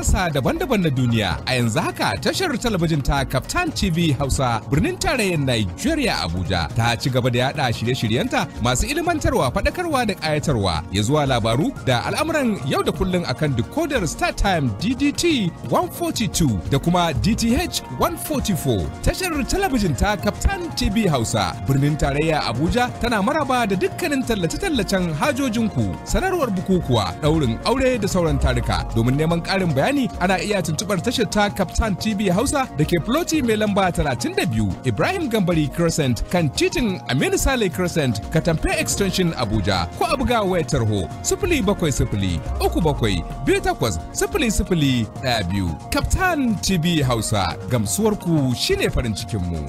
sassa daban-daban na duniya a yanzu haka tashar talabijin ta Captain TV Hausa birnin tarayyar Nigeria Abuja ta ci gaba da yada shirye-shiryenta masu ilmantarwa faɗakarwa da ƙayatarwa ya zuwa labaru da al'amuran yau da kullun akan decoder Star Time DDT 142 da kuma DTH 144 tashar talabijin ta Captain TV Hausa birnin tarayya Abuja tana maraba da dukkanin tallace-tallacen hajojinku sanarwar bukukuwa daurin aure da sauran tarika domin neman ƙarin bayani bayani ana iya tuntubar tashar ta Captain TV Hausa da ke Ploti mai lamba 32 Ibrahim Gambari Crescent kan titin Aminu Sale Crescent Katamfe Extension Abuja ko a buga waya tarho 07037 Captain TV Hausa gamsuwarku shine farin cikin mu.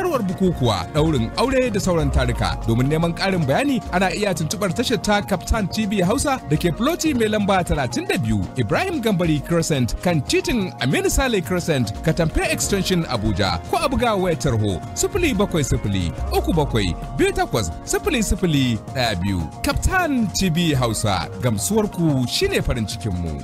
tunkarowar bukukuwa daurin aure da sauran tarika domin neman karin bayani ana iya tuntubar tashar ta captain tv hausa da ke floti mai lamba 32 ibrahim gambari crescent kan titin aminu sale crescent katamfe extension abuja ko a buga waya tarho 070 captain tv hausa gamsuwar ku shine farin cikinmu. mu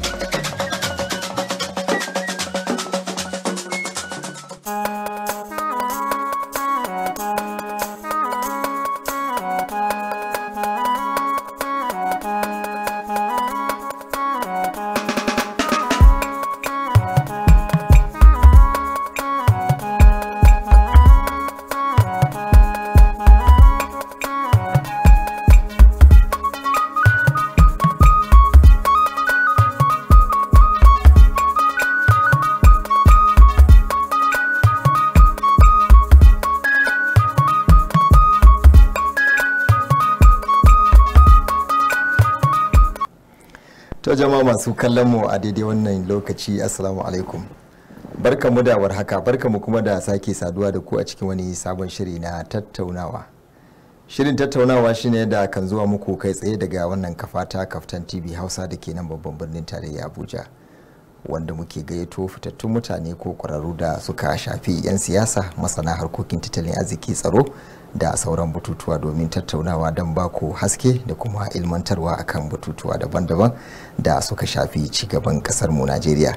masu kallon mu a daidai wannan lokaci assalamu alaikum barka mu da warhaka barka mu kuma da sake saduwa da ku a cikin wani sabon shiri na tattaunawa shirin tattaunawa shine da kan zuwa muku kai tsaye daga wannan kafa ta kaftan tv hausa da ke nan babban birnin tarayya abuja wanda muke gayyato fitattun mutane ko ƙwararru da suka shafi 'yan siyasa masana harkokin tattalin arziki tsaro da sauran bututuwa domin tattaunawa don bako haske da kuma ilmantarwa a kan bututuwa daban-daban da suka shafi ci gaban kasar mu Najeriya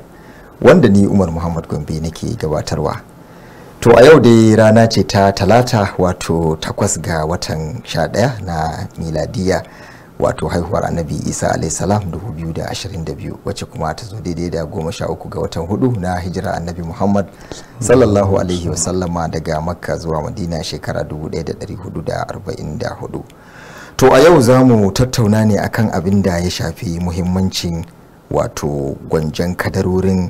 wanda ni Umar Muhammad Gombe nake gabatarwa to a yau dai rana ce ta talata wato takwas ga watan sha ɗaya na miladiya wato haihuwar annabi isa alaihissalam 2022 wacce kuma ta zo daidai da goma sha uku ga watan hudu na hijirar annabi muhammad sallallahu alaihi wasallama daga makka zuwa madina shekara 1444 to a yau za mu tattauna ne akan abin da ya shafi muhimmancin wato gwanjan kadarorin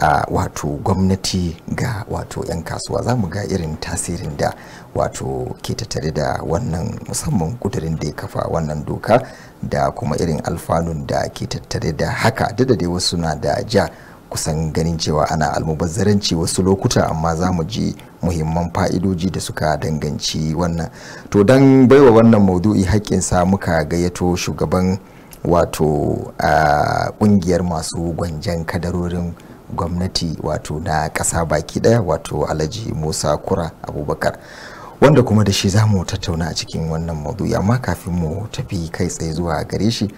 a uh, wato gwamnati ga wato 'yan kasuwa za mu ga irin tasirin da wato ke tattare da wannan musamman kudurin da ya kafa wannan doka da kuma irin alfanun da ke tattare da haka duk da dai wasu na da ja kusan ganin cewa ana almubazzaranci wasu lokuta amma za mu ji muhimman fa'idoji da suka danganci wannan to don baiwa wannan maudu'i haƙƙinsa muka gayyato shugaban wato ƙungiyar masu gwanjan kadarorin gwamnati wato na ƙasa baki ɗaya wato alhaji musa kura abubakar wanda kuma da shi za mu tattauna a cikin wannan maudu'i amma kafin mu tafi kai tsaye zuwa gare shi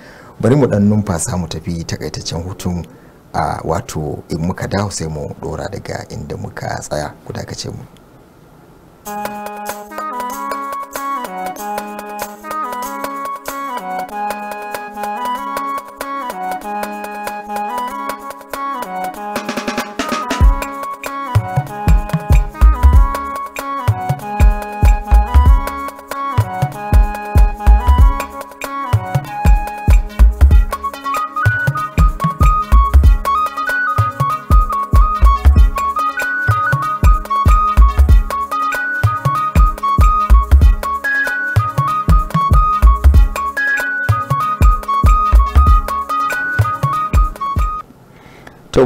bari mu ɗan numfasa mu tafi takaitaccen hutun a wato in muka dawo sai mu dora daga inda muka tsaya ku dakace mu.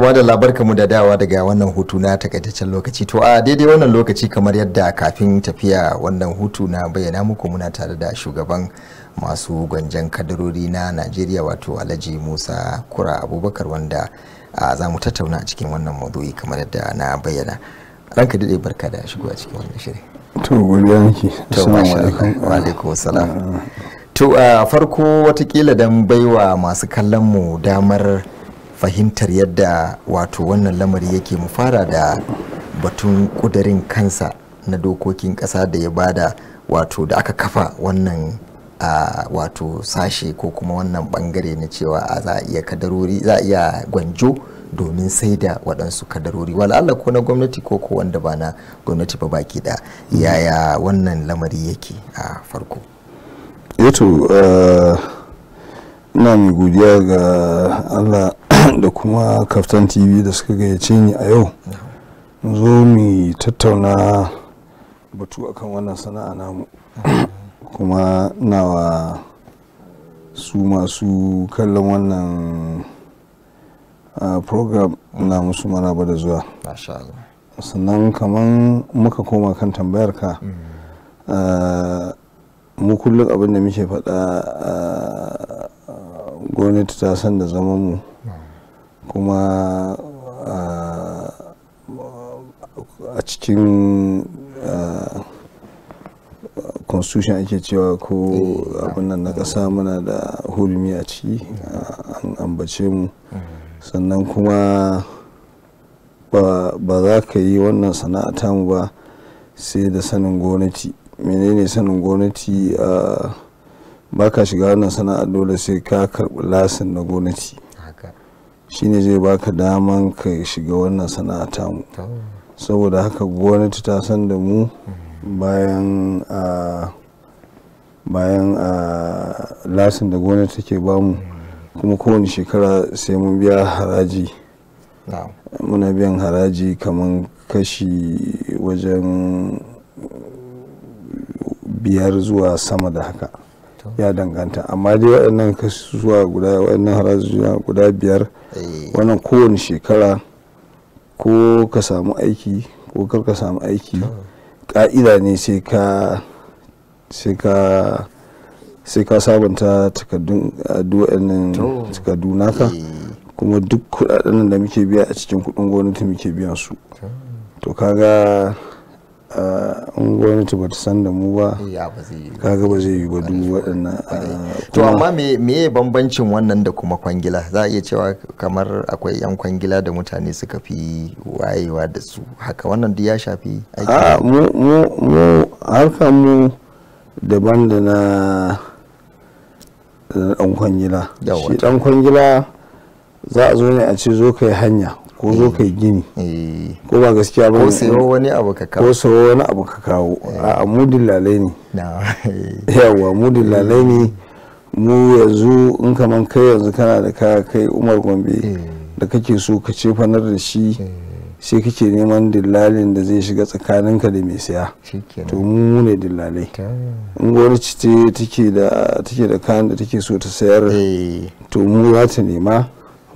ma da labarka mu da dawa daga wannan hutu na takaitaccen lokaci to a daidai wannan lokaci kamar yadda kafin tafiya wannan hutu na bayyana muku muna tare da shugaban masu gwanjan kadarori na najeriya wato alhaji musa kura abubakar wanda za mu tattauna a cikin wannan maudu'i kamar yadda na bayyana ranka daɗe barka da shigo a cikin wannan shirin to godiya nake assalamu alaikum wa alaikum salam ah. to a farko watakila dan baiwa masu kallon mu damar fahimtar yadda wato wannan lamari yake mu fara da batun kudirin kansa na dokokin kasa da ya bada wato da aka kafa wannan a wato sashe ko kuma wannan bangare na cewa a za a iya kadarori za a iya gwanjo domin sai da waɗansu kadarori wala'alla ko na gwamnati ko ko wanda ba na gwamnati ba baki da yaya wannan lamari yake a farko yato eh eh, ina mai godiya ga allah da kuma kaftan tv da suka gayyace ni a yau zo mu tattauna batu akan wannan sana'a namu kuma nawa su masu kallon wannan ah, program na musu mana ba da zuwa sannan kaman muka koma kan tambayar ka mm. ah, mu kullum abin da muke faɗa ah, gwamnati ta san da zaman mu kuma ah, a cikin ah, constitution ake cewa ko eh, ah. abin nan na ƙasa muna da hulmi a ciki an ambace mu sannan kuma ba za ka yi wannan sana'a tamu ba sai da sanin gwamnati menene sanin gwamnati ba ka shiga wannan sana'a dole sai ka karɓi lasin na gwamnati shi ne zai baka daman ka shiga wannan sana'a mu saboda haka gwamnati ta san da mu bayan a bayan a lasin da gwamnati take mu kuma kowane shekara sai mun biya haraji muna biyan haraji kamar kashi wajen biyar zuwa sama da haka ya danganta amma dai waɗannan kasuwa guda waɗannan harajuwa guda biyar eh. wannan kowane shekara ko ka samu aiki ko kar ka samu aiki ƙa'ida ne sai ka sai ka sai ka sabunta takardun waɗannan takardu naka eh. kuma duk kuɗaɗen da muke biya a cikin kuɗin gwamnati muke biyan su to kaga Eh, in gwamnati ba ta san da mu ba kaga ba zai yi ba duk waɗannan eh, to amma me ya bambancin wannan da kuma kwangila za a iya cewa kamar akwai yan kwangila da mutane suka fi wayewa da su haka wannan duk ya shafi aiki a ah, mu mu harkar mu daban da na dan kwangila shi dan kwangila za a zo ne a ce zo kai hanya ko zo kai gini eh. ko ba gaskiya ba ne. ko wani abu ka kawo ko sayo wani abu ka kawo a eh. mudin lalai ne eh. yawa mudin lalai ne mu yanzu in kaman kai yanzu kana da kaya kai umar gombe da kake so ka ce fanar da shi sai kake neman dillalin da zai shiga tsakaninka da mai siya to mu ne dillalai in wani cite take da kayan da take so ta sayar to mu za ta nema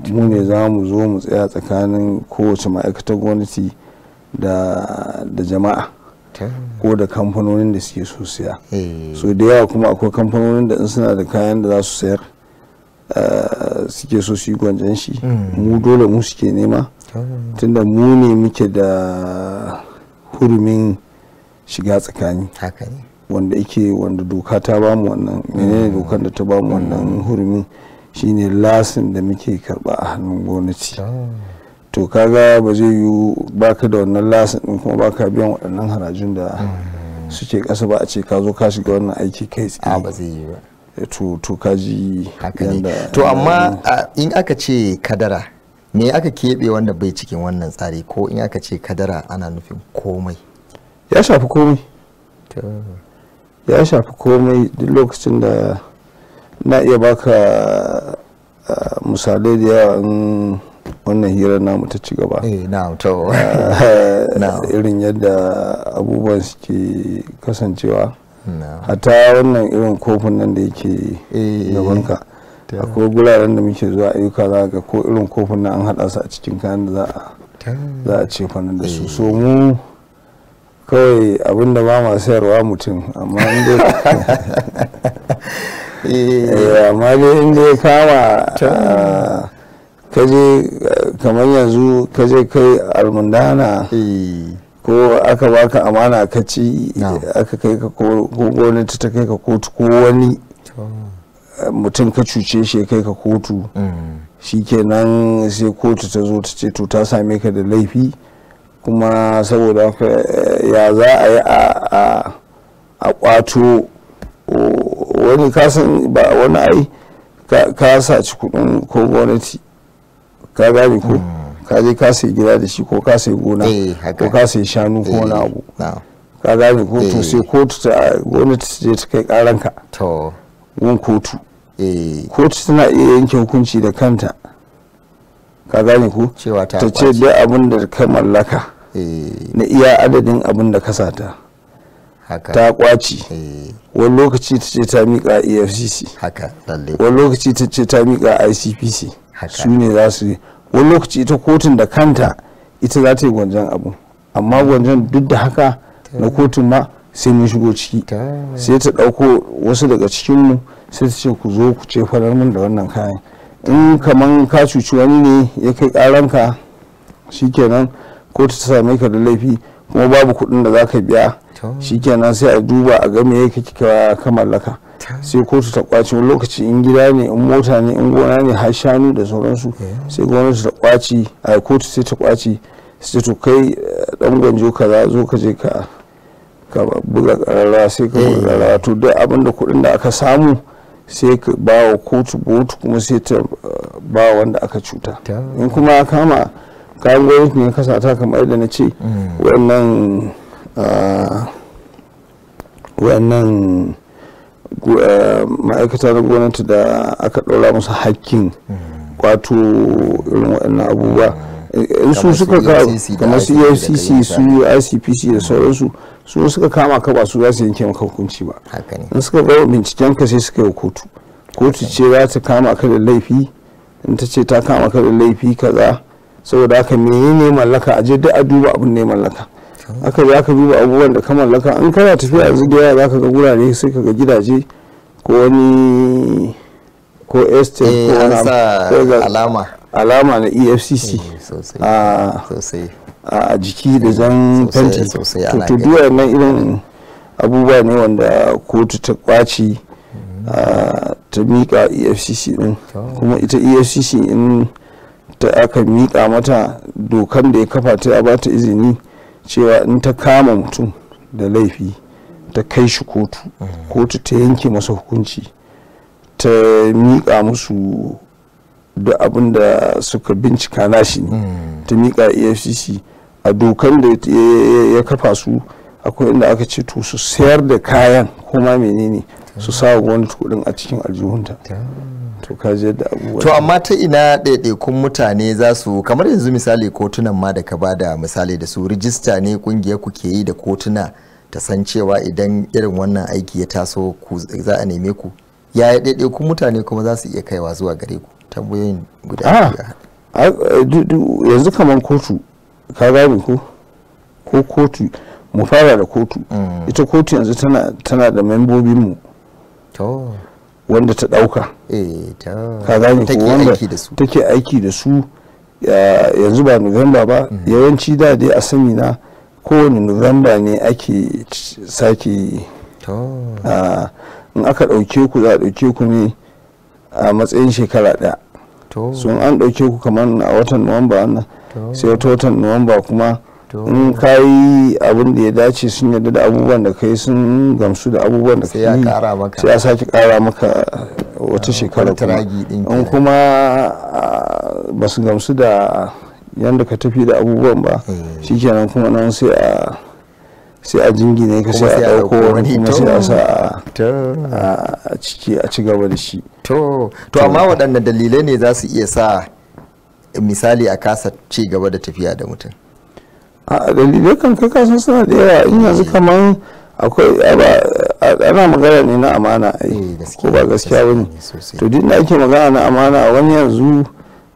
mu ne za mu zo mu tsaya tsakanin kowace ma'aikatar gwamnati da jama'a ko da kamfanonin da suke so siya eh. so da yawa kuma akwai kamfanonin da in suna da kayan da za su sayar eh, suke so su yi gwanjan shi hmm. mu dole mu suke nema tunda mu ne muke da hurumin shiga tsakani wanda ike wanda doka ta bamu wannan menene hmm. dokar da ta bamu wannan hmm. hurumin shine lasin da muke karba a hannun gwamnati ah. to kaga ba zai yi baka da wannan lasin din kuma baka biyan waɗannan harajin da hmm. suke ƙasa ba a ce ka zo ka shiga wannan aiki kai tsaye ah, ba zai yi ba eh, to to kaji yanda to amma ah, in aka ce kadara me aka keɓe wanda bai cikin wannan tsari ko in aka ce kadara ana nufin komai ya shafi komai ya shafi komai duk lokacin da na iya baka ah, misalai da yawa in wannan hirar namu ta ci gaba eh, ah, irin yadda abubuwan ke kasancewa hata wannan irin kofin nan da yake eh, gabanka akwai guraren da muke zuwa ayyuka za ga ko irin kofin nan an haɗa su a cikin kayan da za a ce fannin da su eh. so mu kawai abinda ba ma sayarwa mutum amma inda Eh, amma dai inda kama ah, kaje ah, kamar yanzu kaje kai almundana eh. ko aka baka amana ka ci aka kai ka ko gwamnati ta kai ka kotu ko wani ah, mutum ka cuce shi kai ka kotu mm. shikenan sai kotu ta zo ta ce to ta same ka da laifi kuma saboda eh, ya za a yi a kwato oh, wani kasan ba wani ai ka saci kudin ko gwamnati ka gane ko hmm. ka je ka sai gida da shi ko ka sai gona eh, ko ka sai shanu ko wani eh, abu ka gane ko to eh. sai kotu ta gwamnati je ta kai karanka to gun kotu kotu tana iya yanke hukunci da kanta ka gane ko ta ce duk abin da ka mallaka na iya adadin abin da ka sata ta kwaci eh. wani lokaci ta ce ta miƙa efcc wani lokaci ta ce ta miƙa icpc su ne za su wani lokaci ita kotun da kanta ita za ta yi gwanjan abu amma gwanjan duk da haka na kotun ma sai mun shigo ciki sai ta ɗauko wasu daga cikinmu sai ta ce ku zo ku ce farar min da wannan kayan in kamar ka cuci wani ne ya kai shi shikenan kotu ta same ka da laifi kuma babu kuɗin da za ka biya shi kenan sai a duba a ga me kika ka mallaka sai kotu ta kwaci wani lokaci in gida ne in mota ne in gona ne har shanu da sauransu sai gwamnati ta kwaci a kotu sai ta kwace sai to kai dan eh, gwanjo kaza zo ka je ka ka buga kararra sai ka buga kararra eh. to duk abin da kuɗin da aka samu sai ka ba kotu butu kuma sai ta eh, ba wanda aka cuta in kuma kama kayan gwamnati kasa ta kamar da na ce mm. wannan ah, wannan eh, ma'aikata na gwamnati da aka ɗora musu hakkin mm. kwato irin waɗannan abubuwa mm. eh, in su suka kamar su efcc su icpc e da sauransu su suka kama ka ba su za su yanke maka hukunci ba in suka bar binciken ka sai suka yi kotu kotu ce za ta kama ka da laifi in ta ce ta kama ka da laifi kaza saboda haka menene mallaka a je duk a duba abin ne mallaka haka za ka duba abubuwan da ka mallaka in kana tafiya yanzu da yawa za ga gurare sai ka ga gidaje ko wani ko ko eh, alama alama na efcc eh, ah, a jiki da zan fenti to duwa nan irin abubuwa ne wanda kotu ta kwaci mm. ah, ta mika efcc din kuma ita efcc in ta aka miƙa mata dokan da ya kafa ta ya bata izini cewa in ta kama mutum da laifi ta kai shi kotu kotu ta yanke masa hukunci ta miƙa musu da abin da suka bincika nashi ne hmm. ta miƙa efcc a dokan da ya kafa su akwai inda aka ce to su sayar da kayan kuma menene su hmm. sa wani kudin a cikin aljihunta hmm. to kaje da abubuwa to amma ta ina ɗaiɗaikun mutane za su kamar yanzu misali kotunan ma da ka bada misali da su rijista ne kungiya ku ke yi da kotuna ta san cewa idan irin wannan aiki ya taso ku za a neme ku yaya ɗaiɗaikun mutane kuma za su iya kaiwa zuwa gare ku tambayoyin guda ah, yanzu kamar kotu ka gane ko ko kotu mu fara da kotu mm. ita kotu yanzu tana da membobinmu wanda ta dauka eh, ka gani ko wanda take aiki da su yanzu ba november ba mhm. yawanci da dai a sani na kowane november ne ake sake in aka dauke ku za a dauke ku ne a matsayin shekara daya sun an dauke ku kamar a watan nuwamba wannan sai wata watan nuwamba kuma in ka yi abin da ya dace sun yarda da abubuwan da kai sun gamsu da abubuwan da kai sai ya sake kara maka wata ah, shekara kuma in kuma ah, ba su gamsu da yadda ka tafi da abubuwan ba eh. shikenan kuma nan sai a sai a jingine ka sai a dauko wani kuma sai a sa a ciki a ci gaba da shi to amma waɗanda dalilai ne za su iya sa misali a kasa ci gaba da tafiya da mutum a dalilai kan kai kasan suna da yawa in yanzu eh. kamar akwai ana magana ne na amana eh, ko ba gaskiya bane to duk da ake magana na amana a wani yanzu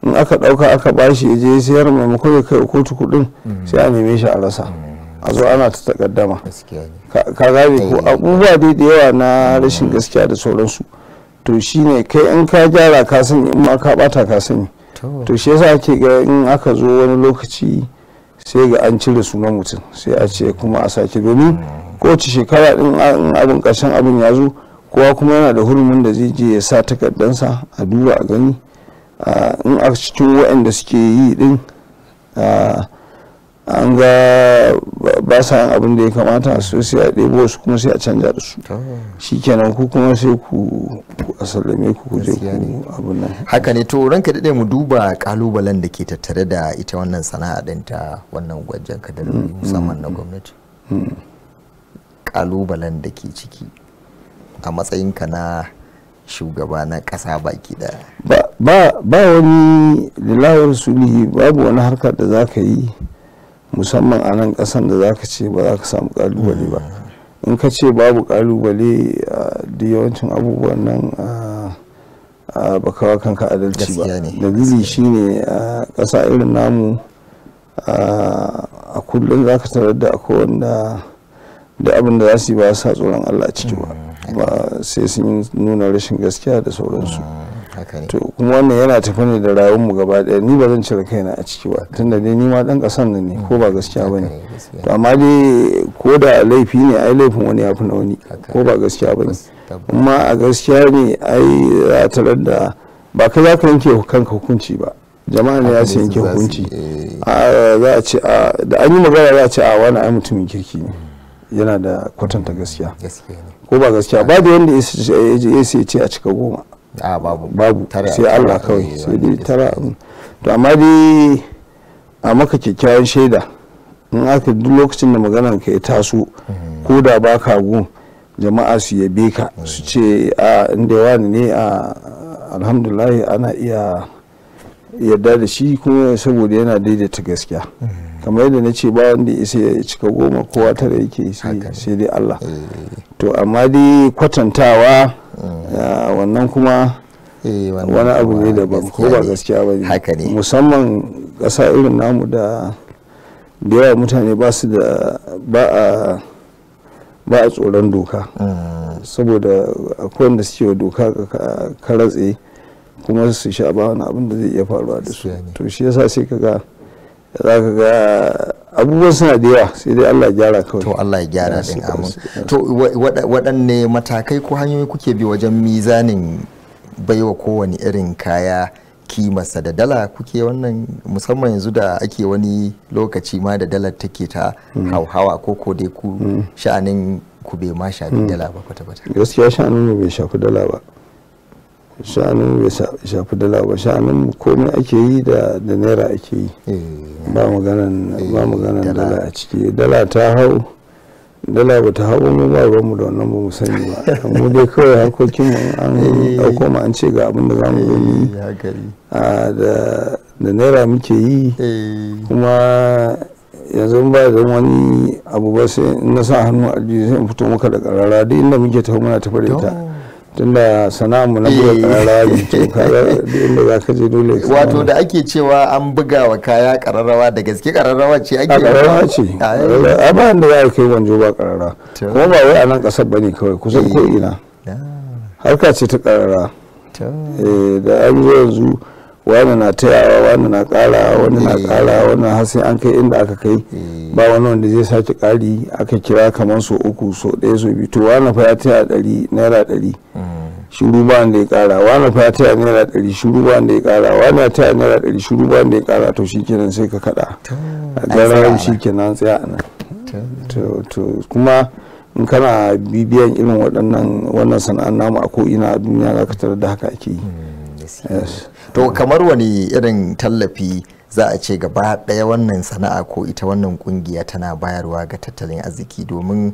in aka dauka aka bashi ya je sayar maimakon ya kai kotu kudin mm. sai a neme shi a rasa a zo ana ta takaddama ka gane ko eh. abubuwa dai da yawa na rashin gaskiya da sauransu to shine kai in ka gyara ka sani in ma ka bata ka sani to shi yasa ake ga in aka zo wani lokaci sai ga an cire sunan mutum sai a ce kuma a sake domin kowace shekara din abin ƙarshen abin ya zo kowa kuma yana da hurumin da zai je ya sa takardansa a duba a gani ah, in a cikin waɗanda suke yi din ah, an ga ba sa yin abin da ya kamata su sai a ɗebo su kuma sai a canja da su ah. shi kenan ku kuma sai ku a ku kuje ku abin nan haka ne to ranka daɗe mu duba kalubalen da ke tattare da ita wannan sana'a ɗin ta wannan gwajen kadar mm, mm, musamman na mm, gwamnati kalubalen da ke ciki a matsayin ka na shugaba na ƙasa baki da ba wani lilawar sulhi babu wani harkar da za ka yi musamman a nan kasan da zaka ce ba za ka samu kalubale ba in ka ce babu kalubale da yawancin abubuwan nan ba kawo kanka adalci ba dalili shine a ƙasa irin namu a kullum za ka tarar da akwai wanda da abin da za su yi ba sa tsoron allah ciki mm. ba sai sun nuna rashin gaskiya da sauransu mm. to kuma wannan yana tafi ne da rayuwar mu gaba daya ni ba zan cire kaina a ciki ba tunda dai ni ma dan kasan nan ne ko ba gaskiya bane to amma dai ko da laifi ne ai laifin wani ya fi na wani ko ba gaskiya bane amma a gaskiya ne ai za tarar da ba kai za ka yanke kanka hukunci ba jama'a ne ya su yanke hukunci eh. za a ce da an yi magana za a ce a wani ai mutumin kirki ne yana da kwatanta gaskiya ko ba gaskiya ba da wanda ya ce a cika goma babu sai Allah kawai sai dai tara to amma dai a maka kyakkyawan shaida in aka duk lokacin da maganar ka ya taso mhm. ko da ba ka gun jama'a su yabe ka su ce a inda wani ne a alhamdulahi ana iya yarda da shi kuma saboda yana daidaita gaskiya mhm. kamar yadda na ce ba wanda ya isa ya cika goma kowa tara yake sai dai Allah eh. to amma dai kwatantawa mm. wannan kuma eh, wani abu ne daban ko ba gaskiya ba ne musamman ƙasa irin namu da da yawa mutane ba su da ba a tsoron doka mm. saboda akwai wanda suke wa doka karatse kuma su sha ba wani abin da zai iya faruwa da su to shi yasa sai ka ga za ka ga abubuwan suna da yawa sai dai Allah ya gyara kawai to Allah ya gyara din amin to waɗanne matakai ko hanyoyi kuke bi wajen mizanin baiwa kowane irin kaya kimarsa da dala kuke wannan musamman yanzu da ake wani lokaci ma da dalar take ta mm. hauhawa ko ko dai ku mm. sha'anin ku bai ma shafi mm. dala ba kwata-kwata gaskiya sha'anin mu bai shafi dala ba sha'anin bai shafi dala ba sha'anin komai ake yi da naira ake yi eh, ba maganan eh, dala a ciki dala ta hau dala ba ta hau mu ba mu da wannan ba mu sani ba mu dai kawai harkokin mu an dauko eh, mu an ce ga abin da za mu gani da naira muke yi kuma yanzu ba da wani abu ba sai na sa hannu a sai in fito maka da karara duk inda muke tafi muna ta ta tunda sanamu na buga kararrawa to kaga inda za ka je dole wato da ake cewa an buga wa kaya kararrawa da gaske kararrawa ce ake kararrawa ce ah, eh. a ba inda za a kai wanjo ba karara kuma ba wai a nan kasar bane kawai kusan eh. ko ina ah. harka ce ta karara eh, da an zo yanzu wani na tayawa wani na kara wani na eh. kara wani har sai an kai inda aka kai eh. ba wani wanda zai sake kari aka kira kamar so uku so ɗaya so biyu to wani fa ya taya ɗari naira ɗari mm. shiru ba wanda ya kara wani fa ya taya naira ɗari shiru ba wanda ya kara wani ya taya naira ɗari shiru ba wanda ya kara to shi kenan sai ka kaɗa a shi kenan tsaya a nan to kuma in kana bibiyan irin waɗannan wannan sana'ar namu a ko'ina a duniya za ka tarar da haka ake yi mm, to kamar wani irin tallafi za a ce gaba ɗaya wannan sana'a ko ita wannan kungiya tana bayarwa ga tattalin arziki domin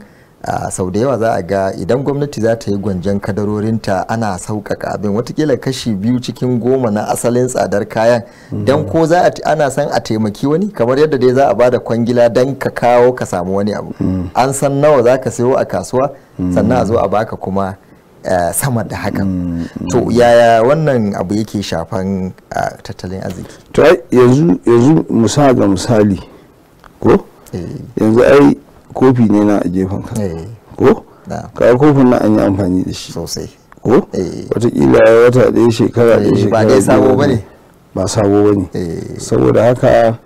sau da yawa za a ga idan gwamnati za ta yi gwanjan kadarorinta ana sauƙaƙa abin watakila kashi biyu cikin goma na asalin tsadar kayan mm. don ko za a ana san a taimaki wani kamar yadda dai za a da kwangila don ka kawo ka samu wani abu mm. an san nawa za ka sayo a kasuwa mm. sannan a zo a baka kuma Eh, sama da hakan mm, mm. to yaya wannan abu yake shafan eh, tattalin arziki to yanzu yanzu musa ga misali ko eh. yanzu ai kofi ne na gefen ka ko ka kofin na an yi amfani da shi sosai ko hey. watakila wata ɗaya shekara ɗaya shekara ba dai sabo bane ba sabo bane saboda haka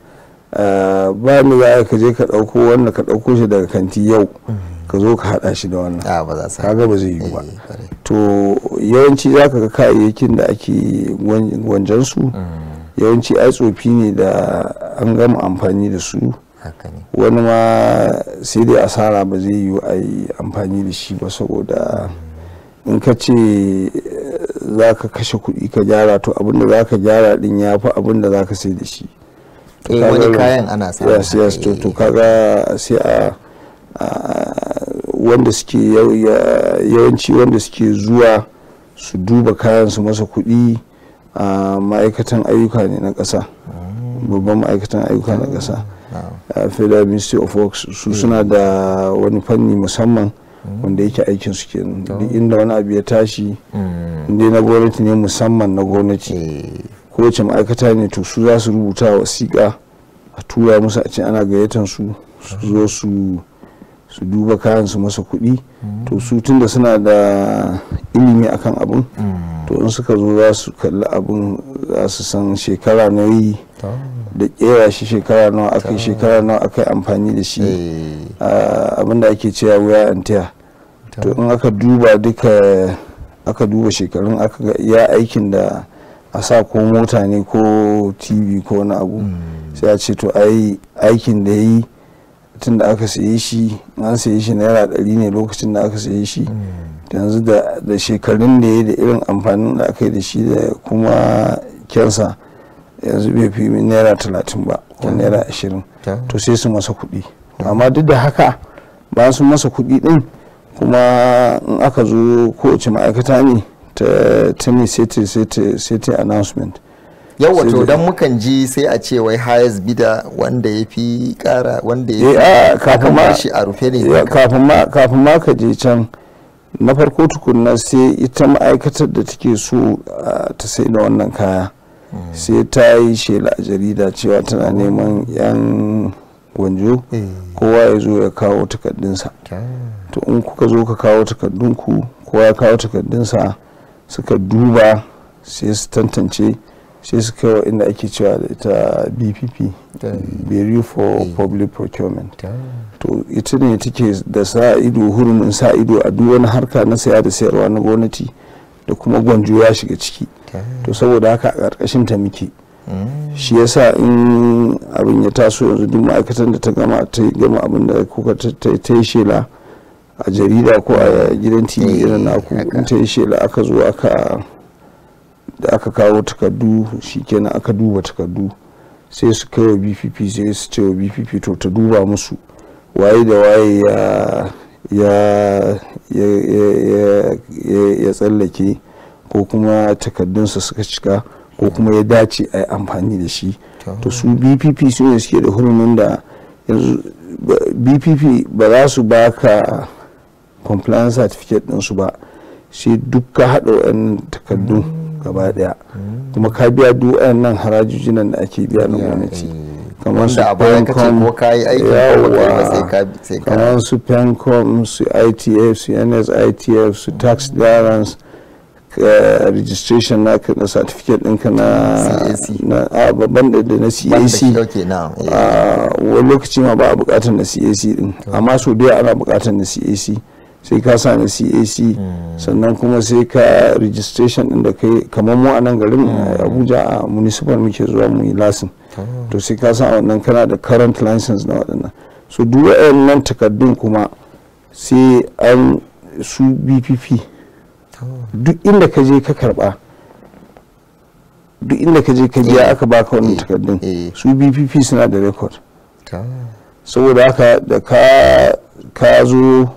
ba ni za ka je ka ɗauko wanda ka ɗauko shi daga kanti yau mm. ka zo ka hada shi da wannan ah, kaga ba zai yi ba eh, to yawanci za ka ga kayayyakin da ake wanjan su mm. yawanci ai tsofi ne da an gama amfani da su wani ma sai dai asara ba zai yi a yi amfani da shi ba saboda mm. in ka ce eh, za ka kashe kuɗi ka gyara to abinda za ka gyara din ya fi abinda za ka sai da shi eh, wani kayan ana sa yes yes to kaga sai a wanda suke yawanci wanda suke zuwa su duba kayan su masa kuɗi a ma'aikatan ayyuka ne na ƙasa babban ma'aikatan ayyuka na ƙasa federal ministry of works su hmm. suna da wani fanni musamman hmm. wanda yake aikin su kenan inda wani abu ya tashi hmm. inda na gwamnati ne musamman na gwamnati eh. kowace ma'aikata ne to su za su rubuta wasiƙa a tura musu a ce ana gayyatar su su zo su su duba kayan su masa kuɗi to su tun da suna da ilimi akan abun to in suka zo za su kalli abun za su san shekara yi da kera shi shekara nawa aka yi shekara nawa aka yi amfani da shi eh. ah, abin da ake cewa wuya an taya to in aka duba duka aka duba shekarun aka ga ya aikin da a sa ko mota ne ko tv ko wani abu hmm. sai a ce to ai aikin da ya yi tun da aka saye shi an saye shi naira ɗari ne lokacin da aka saye shi yanzu da shekarun da ya da irin amfanin da aka yi da shi da kuma kyansa yanzu bai fi naira talatin ba ko naira ashirin to sai su masa kuɗi amma duk da haka ba su masa kuɗi ɗin kuma in aka zo kowace ma'aikata ne ta ne sai ta announcement yawa to dan mukan ji sai a ce wai highest bidder wanda ya fi kara wanda ya fi eh, ah, kafin ma shi a rufe ne kafin ma kafin ma ka je can na farko tukunna sai ita ma'aikatar da take so ah, ta sai da wannan kaya hmm. sai ta yi shela a jarida cewa tana oh. neman yan gwanjo eh. kowa ya zo ya kawo takardunsa to in kuka zo ka kawo takardunku kowa ya kawo takardunsa suka duba sai su tantance sai su kai inda ake cewa da ita bpp mm. bureau for mm. public procurement to ita ne take da sa ido hurumin sa ido a duk wani harka na saya da sayarwa na gwamnati da kuma gwanjo ya shiga ciki to saboda haka a ƙarƙashin ta muke mm. shi yasa in abin ya taso yanzu duk ma'aikatan da ta gama ta gama abin da kuka ta yi shela a jarida ko a gidan tv eh, irin naku in ta yi shela aka zo aka da aka kawo takardu shi kenan aka duba takardu sai su kai wa bpp sai su ce wa bpp to ta duba musu waye da waye ya tsallake ko kuma takardunsa suka cika ko kuma ya dace a yi amfani da shi to su bpp su ne suke da hurumin da yanzu bpp ba za su baka compliance certificate ɗinsu ba sai dukka haɗa waɗannan takardun gaba daya kuma ka biya duk nan da ake biya na gwamnati eh. kamar su pencom kamar su pencom su itf su nsitf su tax clearance eh, registration naka na certificate ɗinka na babban da na cac eh. ah, wani lokaci ma ba a bukatar na cac din amma so dai ana bukatar na cac sai ka sami cac hmm. sannan kuma sai ka registration din da kai kamar mu a nan garin hmm. eh, abuja a municipal muke zuwa mu yi lasin oh. to sai ka sa wannan kana da current license na waɗannan so duk nan takardun kuma sai an su bpp oh. duk inda ka je ka karba duk inda ka je ka biya eh. aka baka wannan eh. takardun su bpp suna da record oh. saboda haka da ka zo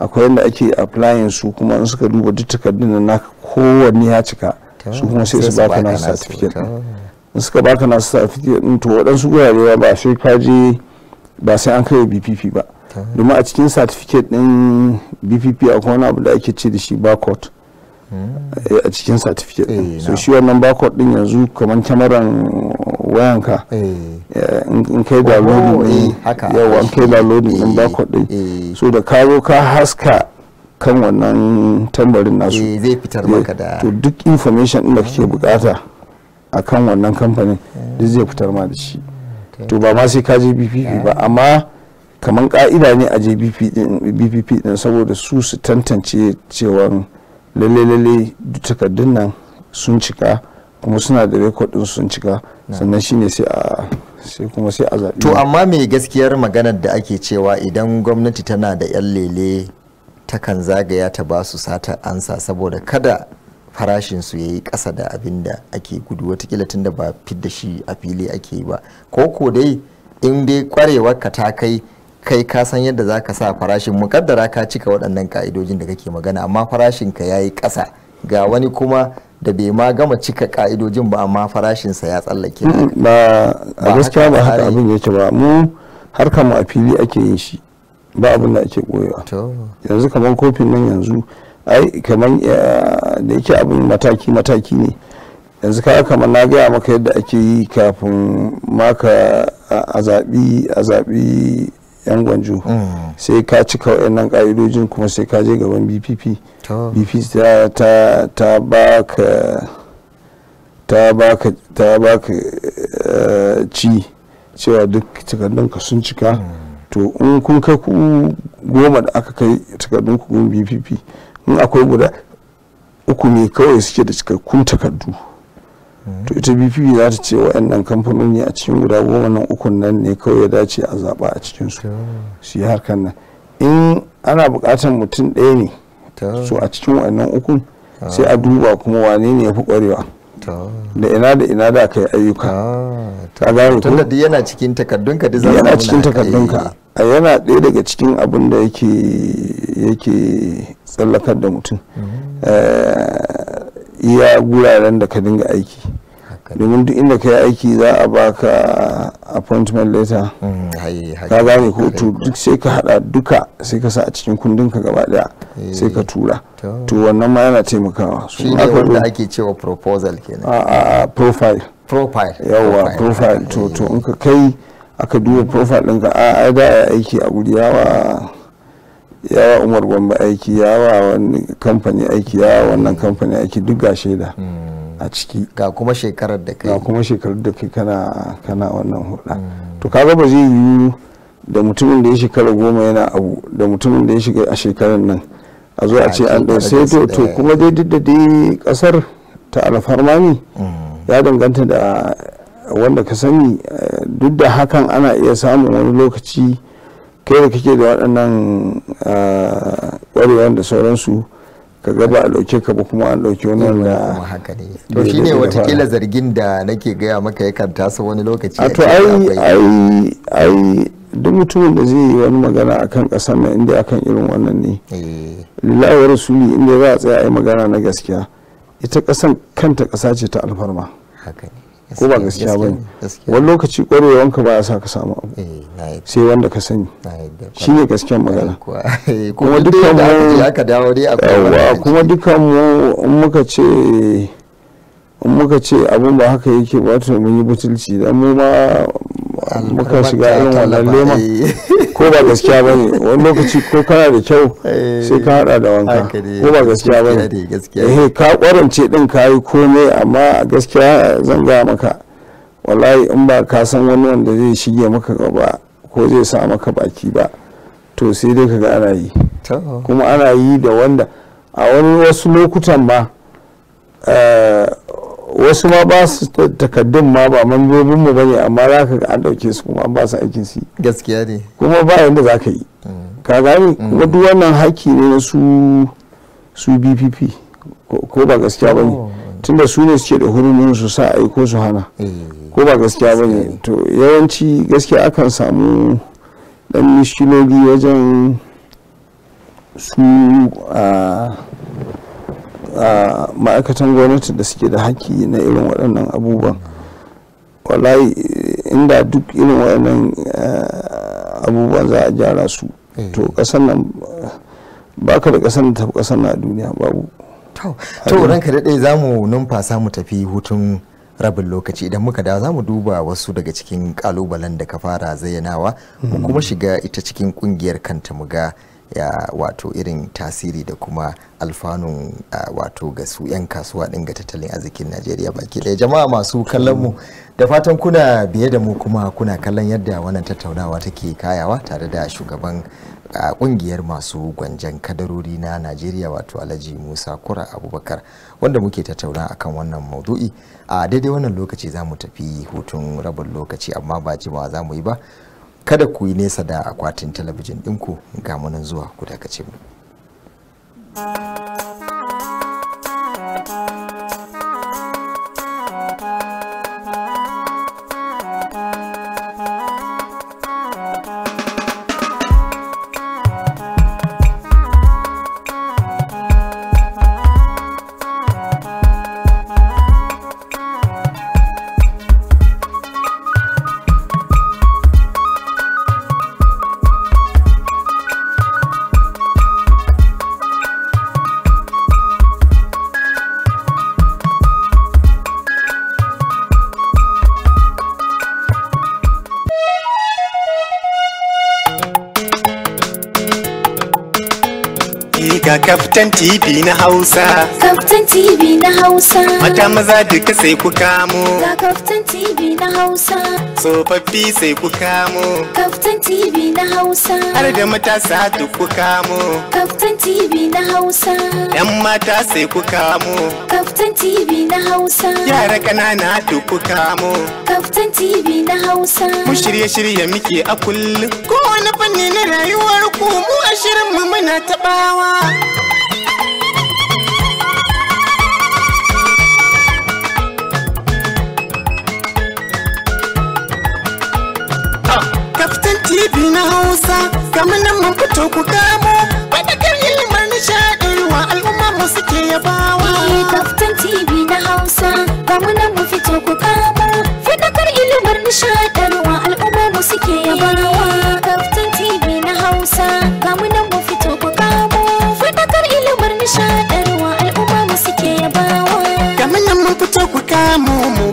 akwai yadda ake applying su kuma in suka duba duk takardun nan naka kowanne ya cika su kuma sai su baka nasu certificate in suka baka nasu certificate din to waɗansu gurare ba sai ka je ba sai an kai BPP ba domin a cikin certificate din BPP akwai wani abu da ake ce da shi barcode hmm. eh, a cikin certificate eh, so shi wannan barcode din yanzu kamar kyamaran wayanka eh. Eh, in kai da lodi yawa in kai da lodi in ba eh, kuɗi so da ka zo ka haska kan wannan tambarin nasu zai fitar maka da to duk information din da kake hmm. bukata a kan wannan kamfanin hmm. duk zai fitar ma da shi to ba ma sai ka je bpp ba amma kamar ka'ida ne a je bpp din saboda su su tantance cewa lalle-lalle takardun nan sun cika kuma suna da record sun cika sannan shine sai a sai kuma sai a zaɓi to amma me gaskiyar maganar da ake cewa idan gwamnati tana da yan lele takan zagaya ta ba su sata ansa saboda kada farashin su yayi ƙasa da abin da ake gudu watakila tunda ba fidda shi a fili ake yi ba ko ko dai in dai kwarewar ka ta kai kai ka san yadda za ka sa farashin mukaddara ka cika waɗannan ka'idojin da kake magana amma farashin ka yayi ƙasa ga wani kuma da bai ma gama cika ka'idojin ba amma farashinsa ya tsallake mm, ba a gaskiya ba haka abin ce ba mu har kama a fili ake yin shi ba abin da ake koyewa yanzu kamar kofin nan yanzu ai kamar eh, da yake abin mataki mataki ne yanzu ka kamar na gaya maka yadda ake yi kafin maka a zaɓi a zaɓi yan gwanjo sai ka cika wayannan ka'idojin kuma sai ka je gaban bpp bpp ta ka ta ta eh, ci cewa duk ka sun cika to in kun kai ku goma da aka kai takardun ku gun bpp in akwai guda uku ne kawai suke da cikakkun takardu to ita bpp za ta ce wa'annan kamfanoni a cikin guda goma nan ukun nan ne kawai ya dace a zaɓa a cikin su su yi harkar nan in ana buƙatar mutum ɗaya ne so a cikin wa'annan ukun sai a duba kuma wane ne ya fi ƙwarewa da ina da ina da aka yi ayyuka ta gane ko duk yana cikin ka da yana cikin ka eh. a yana ɗaya daga cikin abin da yake yake tsallakar da mutum mm. eh, iya guraren da ka dinga aiki domin duk inda ka yi aiki za a baka appointment letter mm, ka gane ko to duk sai ka hada duka sai ka sa a cikin kundin ka gaba daya eh. sai ka tura to wannan ma yana taimakawa shi ne wanda ake cewa proposal kenan a ah, ah, ah, profile profile yawa profile to to in ka kai aka duba profile ɗinka a ai da aiki a guri yawa yawa umar gwamba aiki yawa wani kamfani aiki yawa wannan kamfani aiki duk ga shaida hmm. a ciki ga kuma shekarar da kai ga kuma shekarar da kai kana kana wannan hulɗa hmm. to kaga ba zai yiwu da mutumin da ya shekara goma yana abu da mutumin da ya shiga a shekarar nan a zo a ce an ɗau sai to to kuma dai duk da dai ƙasar ta alfarma ne hmm. ya danganta da wanda ka sani eh, duk da hakan ana iya samun wani lokaci kai da kake da waɗannan ƙwarewar da sauransu ka ga ba a ɗauke ka ba kuma an ɗauke wani wanda haka ne to ne watakila zargin da nake gaya maka yakan tasa wani lokaci a to ai ai duk mutumin da zai yi wani magana kan ƙasar nan inda akan irin wannan ne eh. lillahi wa rasuli inda za a tsaya a yi magana na gaskiya ita ƙasan kanta ƙasa ce ta alfarma haka ne ko ba gaskiya ba ne wani lokaci wanka ba ya sa ka samu abu eh, sai wanda ka sani shi ne gaskiyar magana kuma dukkan mu kuma dukkan mu muka ce in muka ce abin ba haka yake ba to mun yi butulci da mu ma muka shiga irin wannan leman eh. ko ba gaskiya ba ne wani lokaci ko kana da kyau eh. sai ka hada da wanka ko ba gaskiya ba ne eh, ka kwarance din ka yi komai amma gaskiya zan gaya maka wallahi in ba ka san wani wanda zai shige maka gaba ko zai sa maka baki ba to sai dai ka ga ana yi kuma ana yi da wanda a wani wasu lokutan ba wasu ma ba su takaddun ma ba mambobin mu bane amma za ka an dauke su kuma an ba su aikin su gaskiya ne kuma ba yanda za ka yi ka gani mm. kuma duk wannan haƙƙi ne na su su BPP ko ba gaskiya bane oh. tunda su ne suke da hurumin su sa aiko su hana eh. ko ba gaskiya bane to yawanci gaskiya akan samu dan mishinogi wajen su a ah, ma'aikatan gwamnati da suke da haƙƙi na irin waɗannan abubuwan wallahi inda duk irin waɗannan eh, abubuwan za a gyara su eh. to ƙasar nan ba ka da ƙasar da tafi ƙasar na duniya babu to ranka daɗe za mu numfasa mu tafi hutun rabin lokaci idan muka da za mu duba wasu daga cikin kalubalen da ka fara zayyanawa mu mm. kuma shiga ita cikin ƙungiyar kanta mu ga ya wato irin tasiri da kuma alfanun wato ga su 'yan kasuwa din ga tattalin arzikin najeriya baki ɗaya jama'a masu kallon mu da fatan kuna biye da mu kuma kuna kallon yadda wannan tattaunawa take kayawa tare da shugaban a kungiyar masu gwanjan kadarori na najeriya wato alhaji musa kura abubakar wanda muke tattauna akan wannan maudu'i a daidai wannan lokaci za mu tafi hutun rabin lokaci amma ba jimawa za mu yi ba kada ku yi nesa da akwatin talabijin ɗinku ga munan zuwa ku dakace mu. Captain TV na Hausa. Captain TV na Hausa. Mata maza duka sai ku kamo. Ga Kaftan TV na Hausa. Tsofaffi sai ku kamo. Captain TV na Hausa. Har da matasa duk ku kamo. Captain TV na Hausa. Yan mata sai ku kamo. Captain TV na Hausa. Yara ƙanana duk ku kamo. Captain TV na Hausa. Mu shirye-shirye muke a kullum. Kowane fanni na rayuwar ku mu a shirin mu muna taɓawa. TV na Hausa kamar nan mun fito ku fadakar ilmar nishaɗarwa al'umma mu suke yabawa. Eh kaftan TV na Hausa kamar nan mun fito ku fadakar ilmar nishaɗarwa al'umma mu suke yabawa. Eh kaftan TV na Hausa kamar nan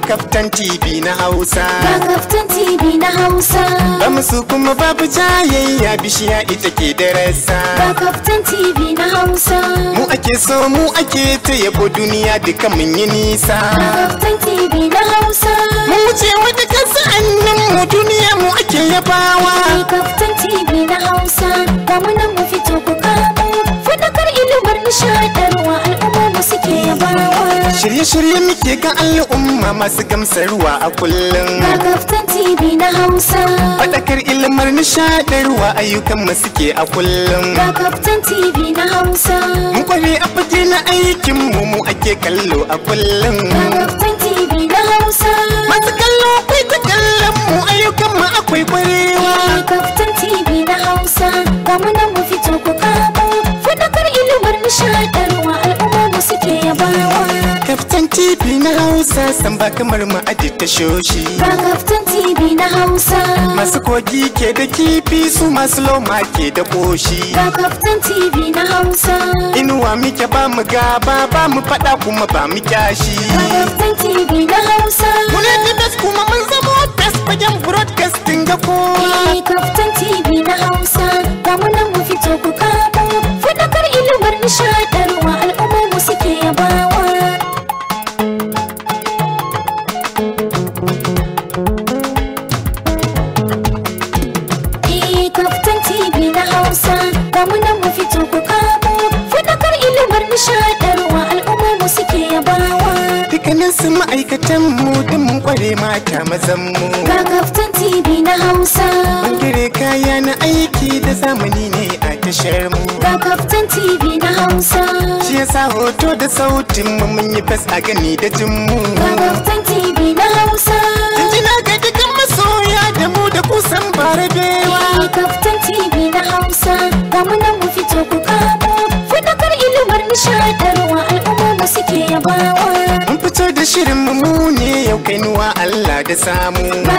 kaftan TV na Hausa. Ba kaftan TV na Hausa. Ba musu kuma babu jayayya bishiya ita ke darasa. kaftan TV na Hausa. Mu ake so mu ake ta yabo duniya duka mun yi nisa. kaftan TV na Hausa. Mu wuce wata kasa annan mu duniya mu ake yabawa. Ba kaftan TV na Hausa. Ba mu nan mu fito ku Fadakar ilimar nishaɗi. Shirye-shirye muke ga al'umma masu gamsarwa a kullum. Ga TV na Hausa. Faɗakar ilimar nishadarwa ayyukan mu suke a kullum. Ga TV na Hausa. Mu kware a fage na aikin mu mu ake kallo a kullum. Ga TV na Hausa. Masu kallo kai ta kallon mu ayyukan mu akwai kwarewa. Ga TV na Hausa. Ga mu nan mu fito ku kamo. Faɗakar ilimar nishaɗarwa al'umma mu suke yabawa. TV na Hausa san ba kamar mu a tashoshi. Ba kaftan TV na Hausa. Masu kogi ke da kifi su masu loma ke da koshi. Ba TV na Hausa. Inuwa muke ba mu gaba ba mu fada kuma ba mu kyashi. Ba TV na Hausa. Mun yi best kuma mun zama best fagen broadcasting ga kowa. Ba eh, TV na Hausa. Ga muna matan mu dun kware mata mazan mu ga kaftan tv na hausa bangare kaya na aiki da zamani ne a tashar mu ga kaftan tv na hausa shi yasa hoto da sautin mu mun yi fas a gani da jin mu ga kaftan tv na hausa na ga dukkan masoya da mu da kusan bare bewa ga kaftan tv na hausa ga mu nan mu fito ku kamo fadakar ilimar nishadarwa al'umma mu suke yabawa ta shirin mu ne yau nuwa Allah da samu. Ba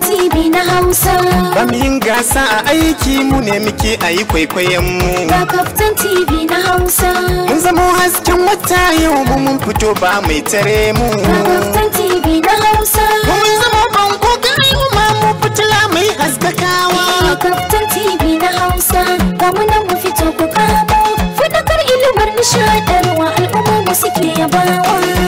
TV na Hausa. Ba mu yin gasa a aiki mu ne muke a yi kwaikwayon mu. Ba TV na Hausa. Mun zamo hasken wata yau mu mun fito ba mai tare mu. Ba TV na Hausa. Mun zamo bango gari mu ma mu fitila mai haskakawa. Makaftan mu suke yabawa